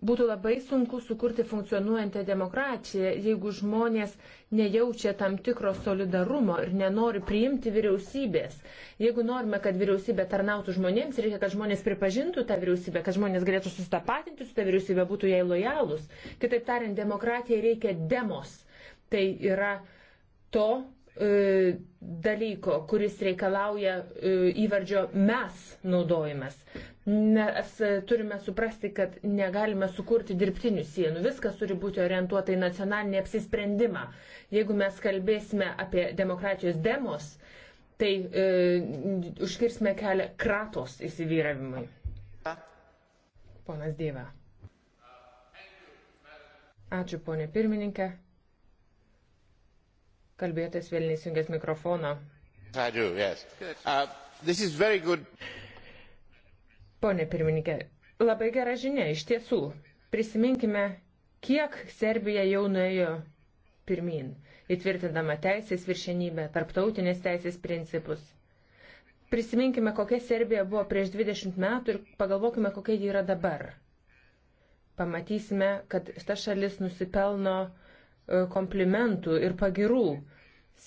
Speaker 1: Būtų labai sunku sukurti funkcionuojantę demokratiją, jeigu žmonės nejaučia tam tikro solidarumo ir nenori priimti vyriausybės. Jeigu norime, kad vyriausybė tarnautų žmonėms, reikia, kad žmonės pripažintų tą vyriausybę, kad žmonės galėtų sustapatinti su tą vyriausybę, būtų jai lojalūs. Kitaip tariant, demokratijai reikia demos. Tai yra to e, dalyko, kuris reikalauja e, įvardžio mes naudojimas. Mes e, turime suprasti, kad negalime sukurti dirbtinių sienų. Viskas turi būti orientuota į nacionalinį apsisprendimą. Jeigu mes kalbėsime apie demokratijos demos, tai e, užkirsime kelią kratos įsivyravimui. Ponas Dieva. Ačiū, ponė pirmininkė. Kalbėtojas vėl neįsijungęs mikrofono.
Speaker 2: I do, yes. Uh, this is very good.
Speaker 1: Pone pirmininkė, labai gera žinia, iš tiesų. Prisiminkime, kiek Serbija jau nuėjo pirmin, įtvirtindama teisės viršenybę, tarptautinės teisės principus. Prisiminkime, kokia Serbija buvo prieš 20 metų ir pagalvokime, kokia ji yra dabar. Pamatysime, kad ta šalis nusipelno e, komplimentų ir pagirų.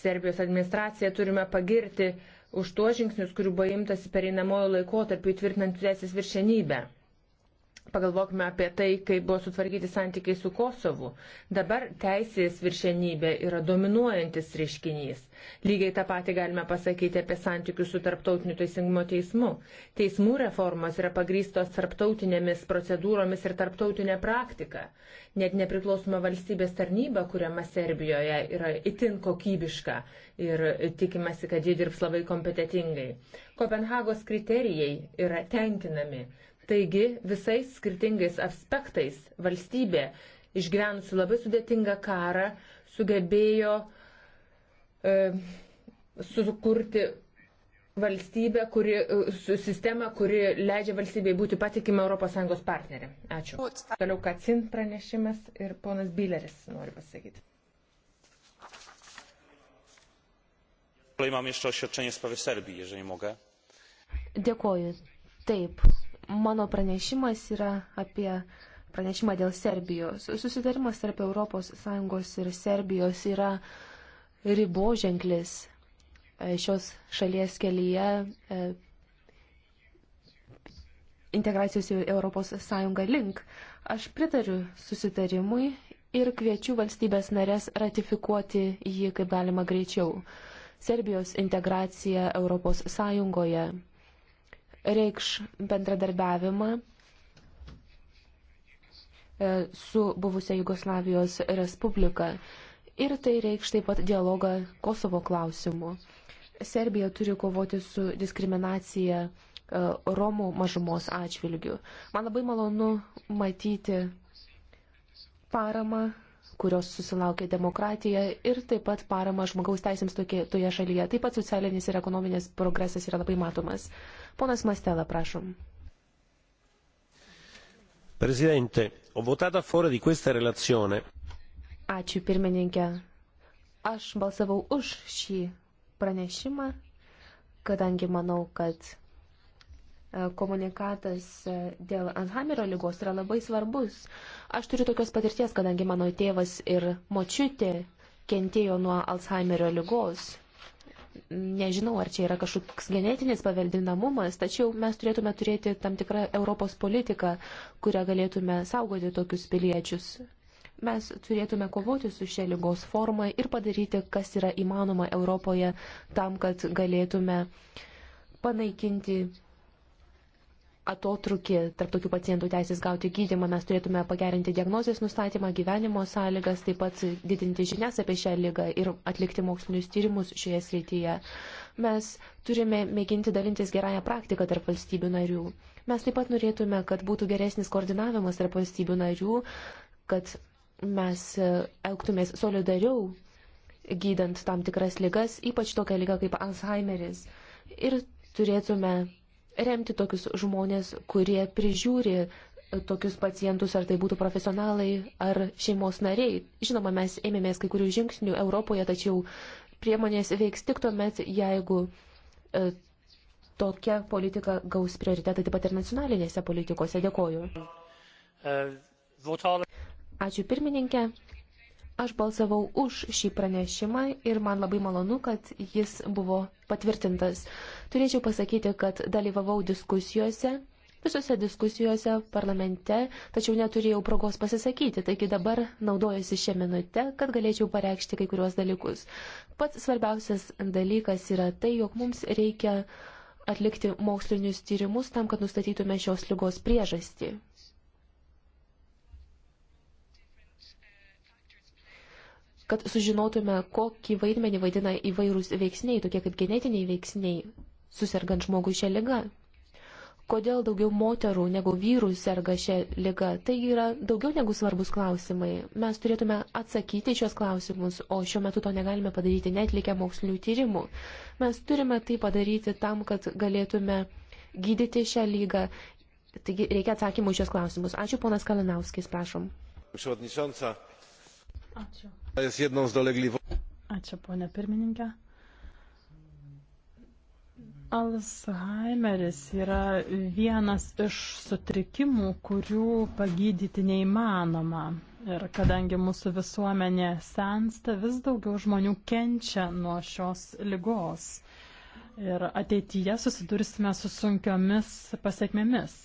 Speaker 1: Serbijos administraciją turime pagirti už tuos žingsnius, kurių buvo imtasi pereinamojo laikotarpiu įtvirtinant teisės viršenybę. Pagalvokime apie tai, kaip buvo sutvarkyti santykiai su Kosovu. Dabar teisės viršenybė yra dominuojantis reiškinys. Lygiai tą patį galime pasakyti apie santykius su tarptautiniu teisingumo teismu. Teismų reformos yra pagrystos tarptautinėmis procedūromis ir tarptautinė praktika. Net nepriklausoma valstybės tarnyba, kuriama Serbijoje, yra itin kokybiška ir tikimasi, kad ji dirbs labai kompetitingai. Kopenhagos kriterijai yra tenkinami Taigi visais skirtingais aspektais valstybė, išgyvenusi labai sudėtingą karą, sugebėjo e, sukurti valstybę, kuri, e, su sistema, kuri leidžia valstybei būti patikima ES partnerė. Ačiū. Toliau Kacin pranešimas ir ponas Bileris nori pasakyti.
Speaker 4: Mam jeszcze oświadczenie w sprawie Serbii, jeżeli mogę.
Speaker 5: Dziękuję. Taip, Mano pranešimas yra apie pranešimą dėl Serbijos. Susitarimas tarp ES ir Serbijos yra riboženklis e, šios šalies kelyje e, integracijos į ES link. Aš pritariu susitarimui ir kviečiu valstybės narės ratifikuoti jį kaip galima greičiau. Serbijos integracija ES reikš bendradarbiavimą e, su buvusia Jugoslavijos Respublika ir tai reikš taip pat dialogą Kosovo klausimu. Serbija turi kovoti su diskriminacija e, Romų mažumos atžvilgių. Man labai malonu matyti paramą kurios susilaukė demokratija ir taip pat parama žmogaus teisėms tokie, toje šalyje. Taip pat socialinis ir ekonominis progresas yra labai matomas. Ponas Mastela, prašom.
Speaker 4: Prezidente, ho votato a favore di questa relazione.
Speaker 5: Ačiū pirmininkė. Aš balsavau už šį pranešimą, kadangi manau, kad E, komunikatas e, dėl Alzheimerio lygos yra labai svarbus. Aš turiu tokios patirties, kadangi mano tėvas ir močiutė kentėjo nuo Alzheimerio lygos. Nežinau, ar čia yra kažkoks genetinis paveldinamumas, tačiau mes turėtume turėti tam tikrą Europos politiką, kurią galėtume saugoti tokius piliečius. Mes turėtume kovoti su šia lygos forma ir padaryti, kas yra įmanoma Europoje, tam, kad galėtume panaikinti atotrukį tarp tokių pacientų teisės gauti gydymą. Mes turėtume pagerinti diagnozės nustatymą, gyvenimo sąlygas, taip pat didinti žinias apie šią lygą ir atlikti mokslinius tyrimus šioje srityje. Mes turime mėginti dalintis gerąją praktiką tarp valstybių narių. Mes taip pat norėtume, kad būtų geresnis koordinavimas tarp valstybių narių, kad mes e, elgtumės solidariau gydant tam tikras lygas, ypač tokią lygą kaip Alzheimeris. Ir turėtume remti tokius žmonės, kurie prižiūri tokius pacientus, ar tai būtų profesionalai, ar šeimos nariai. Žinoma, mes ėmėmės kai kurių žingsnių Europoje, tačiau priemonės veiks tik tuomet, jeigu e, tokia politika gaus prioritetą taip pat ir nacionalinėse politikose. Dėkoju. Ačiū pirmininkė. Aš balsavau už šį pranešimą ir man labai malonu, kad jis buvo patvirtintas. Turėčiau pasakyti, kad dalyvavau diskusijose, visose diskusijose parlamente, tačiau neturėjau progos pasisakyti, taigi dabar naudojusi šią minutę, kad galėčiau pareikšti kai kuriuos dalykus. Pats svarbiausias dalykas yra tai, jog mums reikia atlikti mokslinius tyrimus tam, kad nustatytume šios lygos priežastį. kad sužinotume, kokį vaidmenį vaidina įvairūs veiksniai, tokie kaip genetiniai veiksniai, susirgant žmogui šią ligą. Kodėl daugiau moterų negu vyrų serga šią ligą, tai yra daugiau negu svarbus klausimai. Mes turėtume atsakyti šios klausimus, o šiuo metu to negalime padaryti net likę mokslinių tyrimų. Mes turime tai padaryti tam, kad galėtume gydyti šią lygą. Taigi reikia atsakymų šios klausimus. Ačiū, ponas Kalinauskis, prašom.
Speaker 4: Przewodnicząca,
Speaker 3: Ačiū.
Speaker 5: Ačiū, ponė pirmininkė.
Speaker 3: Alzheimeris yra vienas iš sutrikimų, kurių pagydyti neįmanoma. Ir kadangi mūsų visuomenė sensta, vis daugiau žmonių kenčia nuo šios lygos. Ir ateityje susidursime su sunkiomis pasiekmėmis.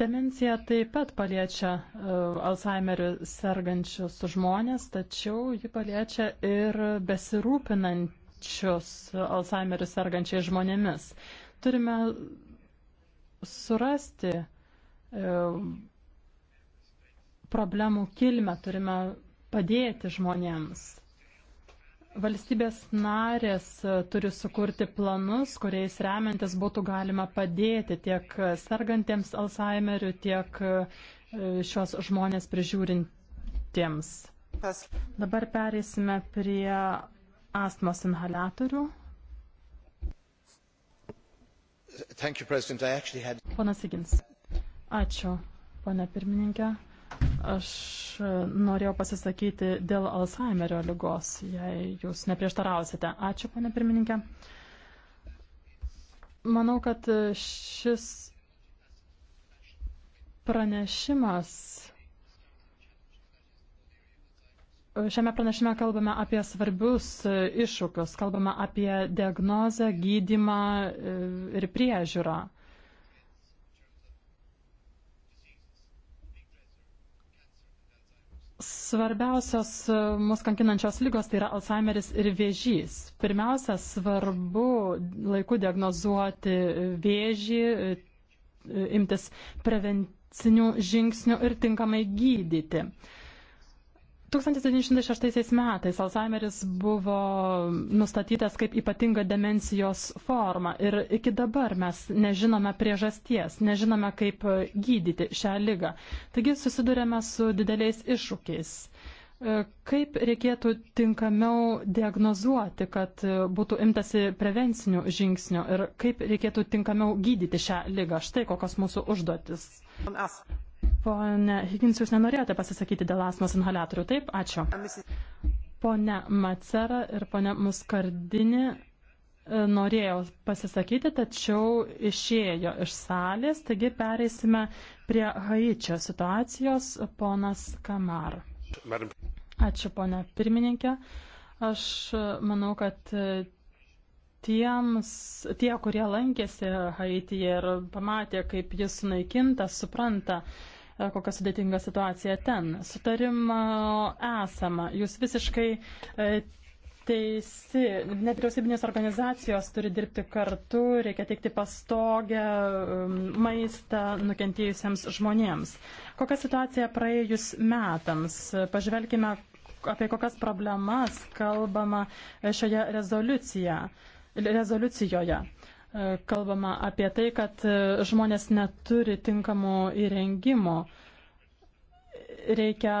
Speaker 3: Demencija taip pat paliečia uh, e, Alzheimeriu sergančius žmonės, tačiau ji paliečia ir besirūpinančius Alzheimeriu sergančiai žmonėmis. Turime surasti uh, problemų kilmę, turime padėti žmonėms. Valstybės narės e, turi sukurti planus, kuriais remiantis būtų galima padėti tiek sergantiems Alzheimeriu, tiek e, šios žmonės prižiūrintiems. Pas. Dabar perėsime prie astmos inhalatorių.
Speaker 1: You, had... Ponas
Speaker 3: Igins. Ačiū, ponė pirmininkė. Aš e, norėjau pasisakyti dėl Alzheimerio lygos, jei jūs neprieštarausite. Ačiū, ponė pirmininkė. Manau, kad šis pranešimas. Šiame pranešime kalbame apie svarbius iššūkius, kalbame apie diagnozę, gydimą e, ir priežiūrą. Svarbiausios e, mus kankinančios lygos tai yra Alzheimeris ir vėžys. Pirmiausia, svarbu laiku diagnozuoti vėžį, e, imtis prevencinių žingsnių ir tinkamai gydyti. 1906 metais Alzheimeris buvo nustatytas kaip ypatinga demencijos forma ir iki dabar mes nežinome priežasties, nežinome kaip gydyti šią ligą. Taigi susidurėme su dideliais iššūkiais. Kaip reikėtų tinkamiau diagnozuoti, kad būtų imtasi prevencinių žingsnių ir kaip reikėtų tinkamiau gydyti šią lygą? Štai kokios mūsų užduotis. Pone Higgins, jūs nenorėjote pasisakyti dėl asmos inhaliatorių, taip? Ačiū. Pone Macera ir pone Muskardini e, norėjo pasisakyti, tačiau išėjo iš salės, taigi pereisime prie Haičio situacijos, ponas Kamar. Ačiū, ponė pirmininkė. Aš manau, kad tiems, tie, kurie lankėsi Haityje ir pamatė, kaip jis sunaikintas, supranta, E, kokia sudėtinga situacija ten. Sutarimo esama. Jūs visiškai e, teisi. Nevyriausybinės organizacijos turi dirbti kartu, reikia teikti pastogę, e, maistą nukentėjusiems žmonėms. Kokia situacija praėjus metams? Pažvelkime, apie kokias problemas kalbama šioje rezoliucijoje kalbama apie tai, kad e, žmonės neturi tinkamo įrengimo. Reikia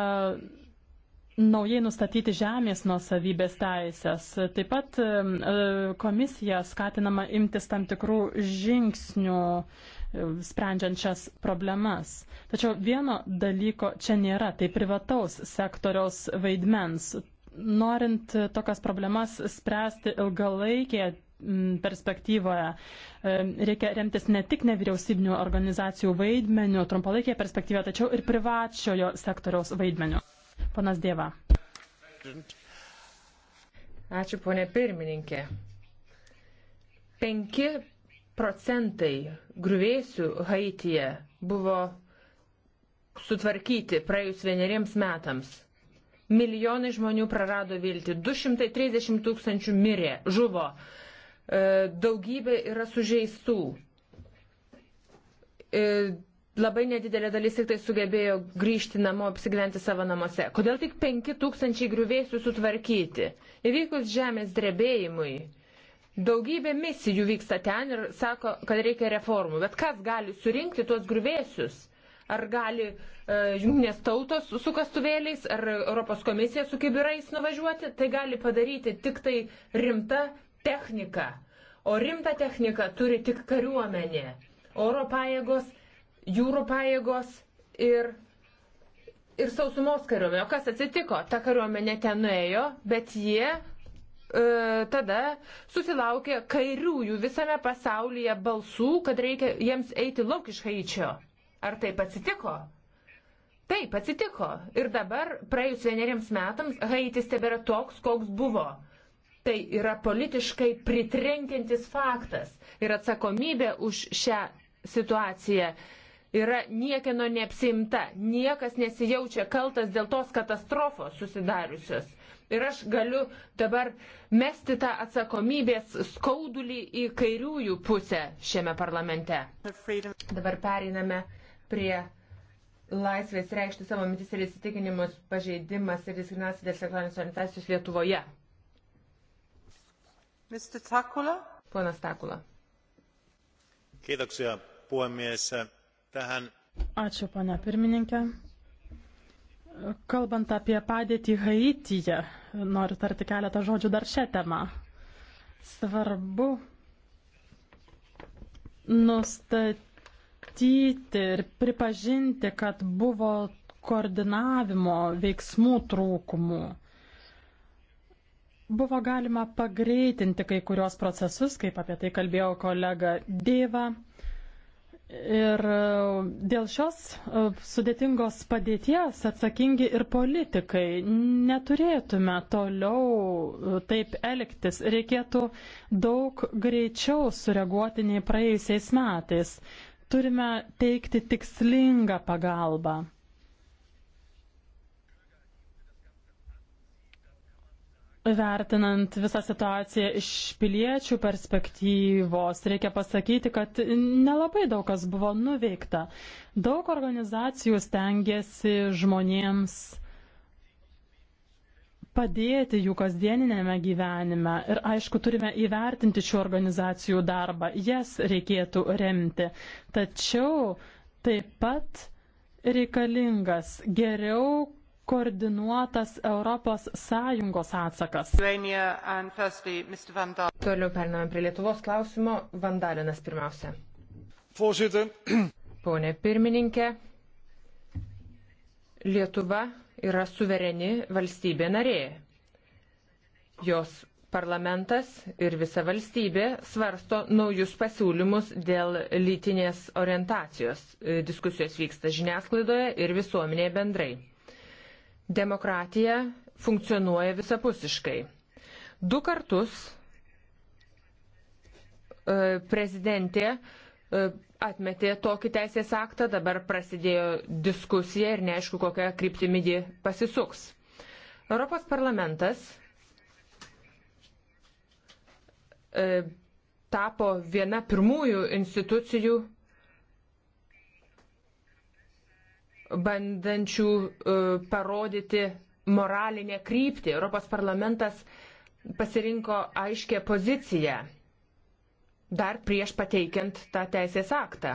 Speaker 3: naujai nustatyti žemės nuosavybės teisės. Taip pat e, e, komisija skatinama imtis tam tikrų žingsnių sprendžiant šias problemas. Tačiau vieno dalyko čia nėra, tai privataus sektoriaus vaidmens. Norint tokias problemas spręsti ilgalaikėje Mm, perspektyvoje. Reikia remtis ne tik nevyriausybinių organizacijų vaidmeniu trumpalaikėje perspektyvoje, tačiau ir privačiojo sektoriaus vaidmeniu. Panas Dieva. Ačiū, ponė pirmininkė.
Speaker 1: 5 procentai grįvėsių Haityje buvo sutvarkyti praėjus vieneriems metams. Milijonai žmonių prarado viltį, 230 tūkstančių mirė, žuvo, E, daugybė yra sužeistų. E, labai nedidelė dalis tik tai sugebėjo grįžti namo, apsigyventi savo namuose. Kodėl tik 5000 griuvėsių sutvarkyti? Įvykus žemės drebėjimui, daugybė misijų vyksta ten ir sako, kad reikia reformų. Bet kas gali surinkti tuos griuvėsius? Ar gali e, jungtinės tautos su kastuvėliais, ar Europos komisija su kibirais nuvažiuoti? Tai gali padaryti tik tai rimta techniką, o rimtą techniką turi tik kariuomenė, oro pajėgos, jūrų pajėgos ir ir sausumos kariuomenė. O kas atsitiko? Ta kariuomenė ten nuėjo, bet jie e, tada susilaukė kairiųjų visame pasaulyje balsų, kad reikia jiems eiti lauk iš Haičio. Ar taip atsitiko? Taip atsitiko. Ir dabar, praėjus vieneriems metams, Haitis tebėra toks, koks buvo. Tai yra politiškai pritrenkiantis faktas ir atsakomybė už šią situaciją yra niekieno neapsimta, niekas nesijaučia kaltas dėl tos katastrofos susidariusios. Ir aš galiu dabar mesti tą atsakomybės skaudulį į kairiųjų pusę šiame parlamente. Dabar pereiname prie laisvės reikšti savo mintis ir įsitikinimus pažeidimas ir diskriminacija dėl seksualinės orientacijos Lietuvoje. Ponas
Speaker 3: Takula.
Speaker 2: Kiitoksia, puhemies. Tähän...
Speaker 3: Ačiū, ponia pirmininkė. Kalbant apie padėtį Haityje, noriu tarti keletą žodžių dar šią temą. Svarbu nustatyti ir pripažinti, kad buvo koordinavimo veiksmų trūkumų. Buvo galima pagreitinti kai kurios procesus, kaip apie tai kalbėjo kolega Dėva. Ir e, dėl šios e, sudėtingos padėties atsakingi ir politikai. Neturėtume toliau e, taip elgtis. Reikėtų daug greičiau sureaguoti nei praėjusiais metais. Turime teikti tikslingą pagalbą. Vertinant visą situaciją iš piliečių perspektyvos, reikia pasakyti, kad nelabai daug kas buvo nuveikta. Daug organizacijų stengiasi žmonėms padėti jų kasdieninėme gyvenime. Ir aišku, turime įvertinti šių organizacijų darbą, jas reikėtų remti. Tačiau taip pat reikalingas geriau koordinuotas ES atsakas. Toliau periname prie Lietuvos
Speaker 1: klausimo. Vandalinas pirmiausia. Voorzitter. Pone pirmininkė, Lietuva yra suvereni valstybė narė. Jos parlamentas ir visa valstybė svarsto naujus pasiūlymus dėl lytinės orientacijos. Diskusijos vyksta žiniasklaidoje ir visuomenėje bendrai demokratija funkcionuoja visapusiškai. Du kartus e, prezidentė e, atmetė tokį teisės aktą, dabar prasidėjo diskusija ir neaišku, kokią kryptimį ji pasisuks. Europos parlamentas e, tapo viena pirmųjų institucijų bandančių e, parodyti moralinę kryptį. Europos parlamentas pasirinko aiškę poziciją dar prieš pateikiant tą teisės aktą.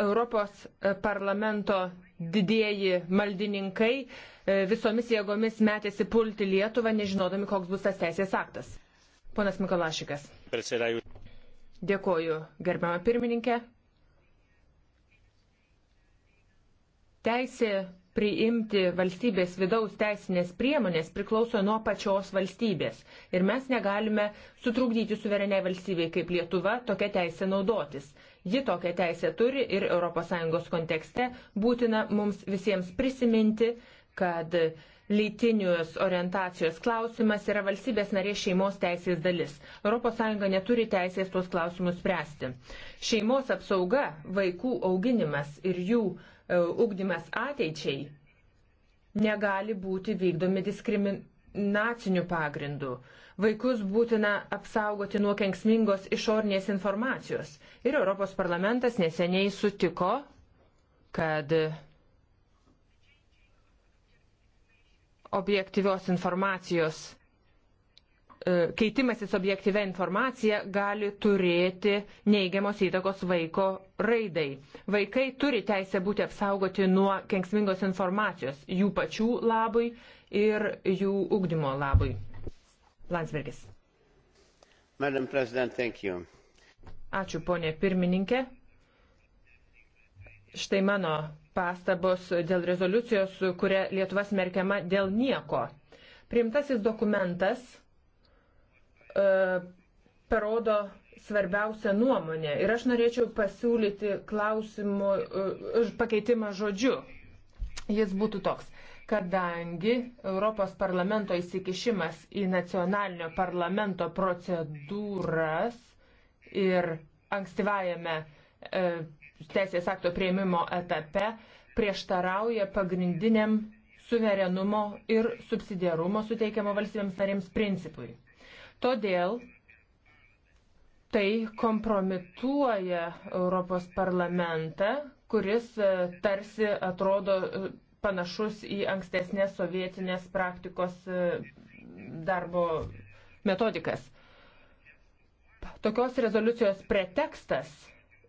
Speaker 1: Europos parlamento didieji maldininkai e, visomis jėgomis metėsi pulti Lietuvą, nežinodami, koks bus tas teisės aktas. Ponas Mikolašikas. Dėkoju, gerbiama pirmininkė. Teisė priimti valstybės vidaus teisinės priemonės priklauso nuo pačios valstybės. Ir mes negalime sutrukdyti suvereniai valstybei kaip Lietuva tokia teisė naudotis. Ji tokią teisę turi ir ES kontekste būtina mums visiems prisiminti, kad lytinius orientacijos klausimas yra valstybės narės šeimos teisės dalis. ES neturi teisės tuos klausimus spręsti. Šeimos apsauga, vaikų auginimas ir jų uh, E, ugdymas ateičiai negali būti vykdomi diskriminaciniu pagrindu. Vaikus būtina apsaugoti nuo kenksmingos išornės informacijos. Ir Europos parlamentas neseniai sutiko, kad objektyvios informacijos E, keitimasis objektyvę informaciją gali turėti neigiamos įtakos vaiko raidai. Vaikai turi teisę būti apsaugoti nuo kenksmingos informacijos jų pačių labui ir jų ugdymo labui. Landsbergis.
Speaker 4: Madam President, thank you.
Speaker 1: Ačiū, ponė pirmininkė. Štai mano pastabos dėl rezoliucijos, kuria Lietuva smerkiama dėl nieko. Primtasis dokumentas E, parodo svarbiausią nuomonę. Ir aš norėčiau pasiūlyti klausimų e, pakeitimą žodžiu. Jis būtų toks, kadangi Europos parlamento įsikišimas į nacionalinio parlamento procedūras ir ankstyvajame e, teisės akto prieimimo etape prieštarauja pagrindiniam suverenumo ir subsidiarumo suteikiamo valstybėms narėms principui. Todėl tai kompromituoja Europos parlamentą, kuris e, tarsi atrodo e, panašus į ankstesnės sovietinės praktikos e, darbo metodikas. Tokios rezoliucijos pretekstas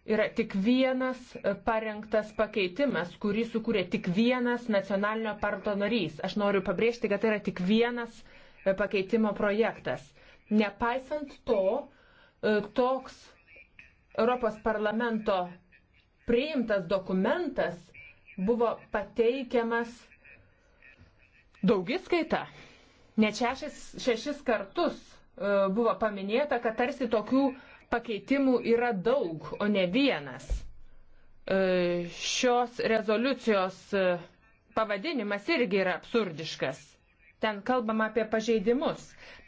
Speaker 1: yra tik vienas e, parengtas pakeitimas, kurį sukūrė tik vienas nacionalinio parto narys. Aš noriu pabrėžti, kad tai yra tik vienas e, pakeitimo projektas. Nepaisant to, e, toks Europos parlamento priimtas dokumentas buvo pateikiamas daugiskaita. Net šešis, šešis kartus buvo paminėta, kad tarsi tokių uh, pakeitimų yra daug, o ne vienas. E, šios rezoliucijos e, pavadinimas irgi yra absurdiškas. Ten kalbama apie pažeidimus.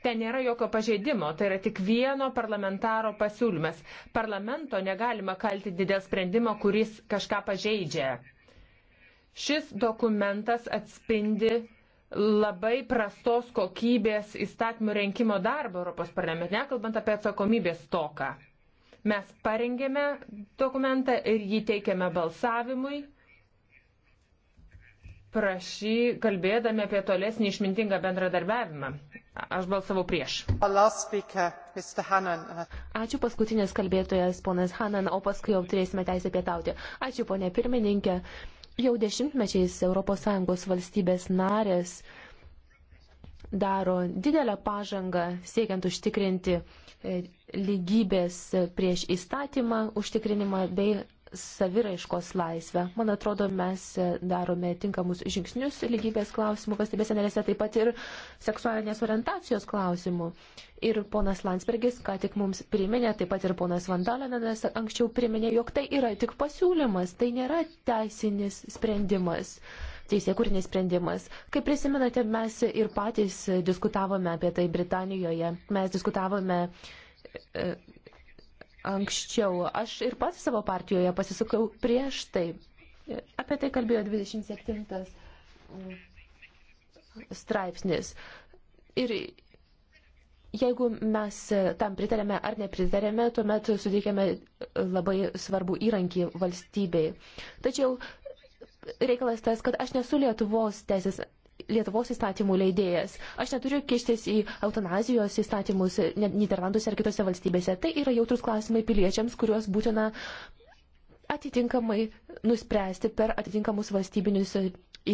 Speaker 1: Ten nėra jokio pažeidimo, tai yra tik vieno parlamentaro pasiūlymas. Parlamento negalima kaltinti dėl sprendimo, kuris kažką pažeidžia. Šis dokumentas atspindi labai prastos kokybės įstatymų renkimo darbą Europos parlamente, nekalbant apie atsakomybės toką. Mes parengėme dokumentą ir jį teikėme balsavimui, prašy, kalbėdami apie tolesnį išmintingą bendradarbiavimą. Aš balsavau prieš.
Speaker 5: Ačiū paskutinės kalbėtojas, ponas Hanan, o paskui jau turėsime teisę pietauti. Ačiū, ponė pirmininkė. Jau dešimtmečiais ES valstybės narės daro didelę pažangą siekiant užtikrinti e, lygybės prieš įstatymą užtikrinimą bei saviraiškos laisvę. Man atrodo, mes darome tinkamus žingsnius lygybės klausimų, valstybės narėse taip pat ir seksualinės orientacijos klausimų. Ir ponas Landsbergis, ką tik mums priminė, taip pat ir ponas Vandalinas anksčiau priminė, jog tai yra tik pasiūlymas, tai nėra teisinis sprendimas teisėkūrinis sprendimas. Kaip prisimenate, mes ir patys diskutavome apie tai Britanijoje. Mes diskutavome e, anksčiau. Aš ir pats savo partijoje pasisukau prieš tai. Apie tai kalbėjo 27 mm, straipsnis. Ir jeigu mes tam pritarėme ar nepritarėme, tuomet suteikėme labai svarbų įrankį valstybei. Tačiau reikalas tas, kad aš nesu Lietuvos teisės Lietuvos įstatymų leidėjas. Aš neturiu kištis į eutanazijos įstatymus Niderlanduose ar kitose valstybėse. Tai yra jautrus klausimai piliečiams, kuriuos būtina atitinkamai nuspręsti per atitinkamus valstybinius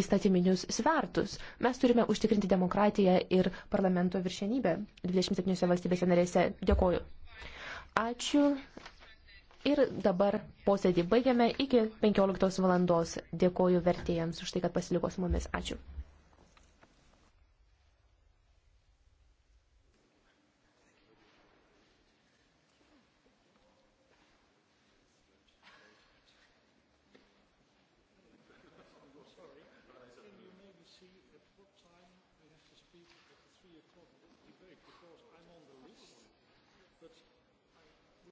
Speaker 5: įstatyminius svertus. Mes turime užtikrinti demokratiją ir parlamento viršenybę 27 valstybėse narėse. Dėkoju. Ačiū. Ir dabar posėdį baigiame iki 15 valandos. Dėkoju vertėjams už tai, kad pasiliko su mumis. Ačiū.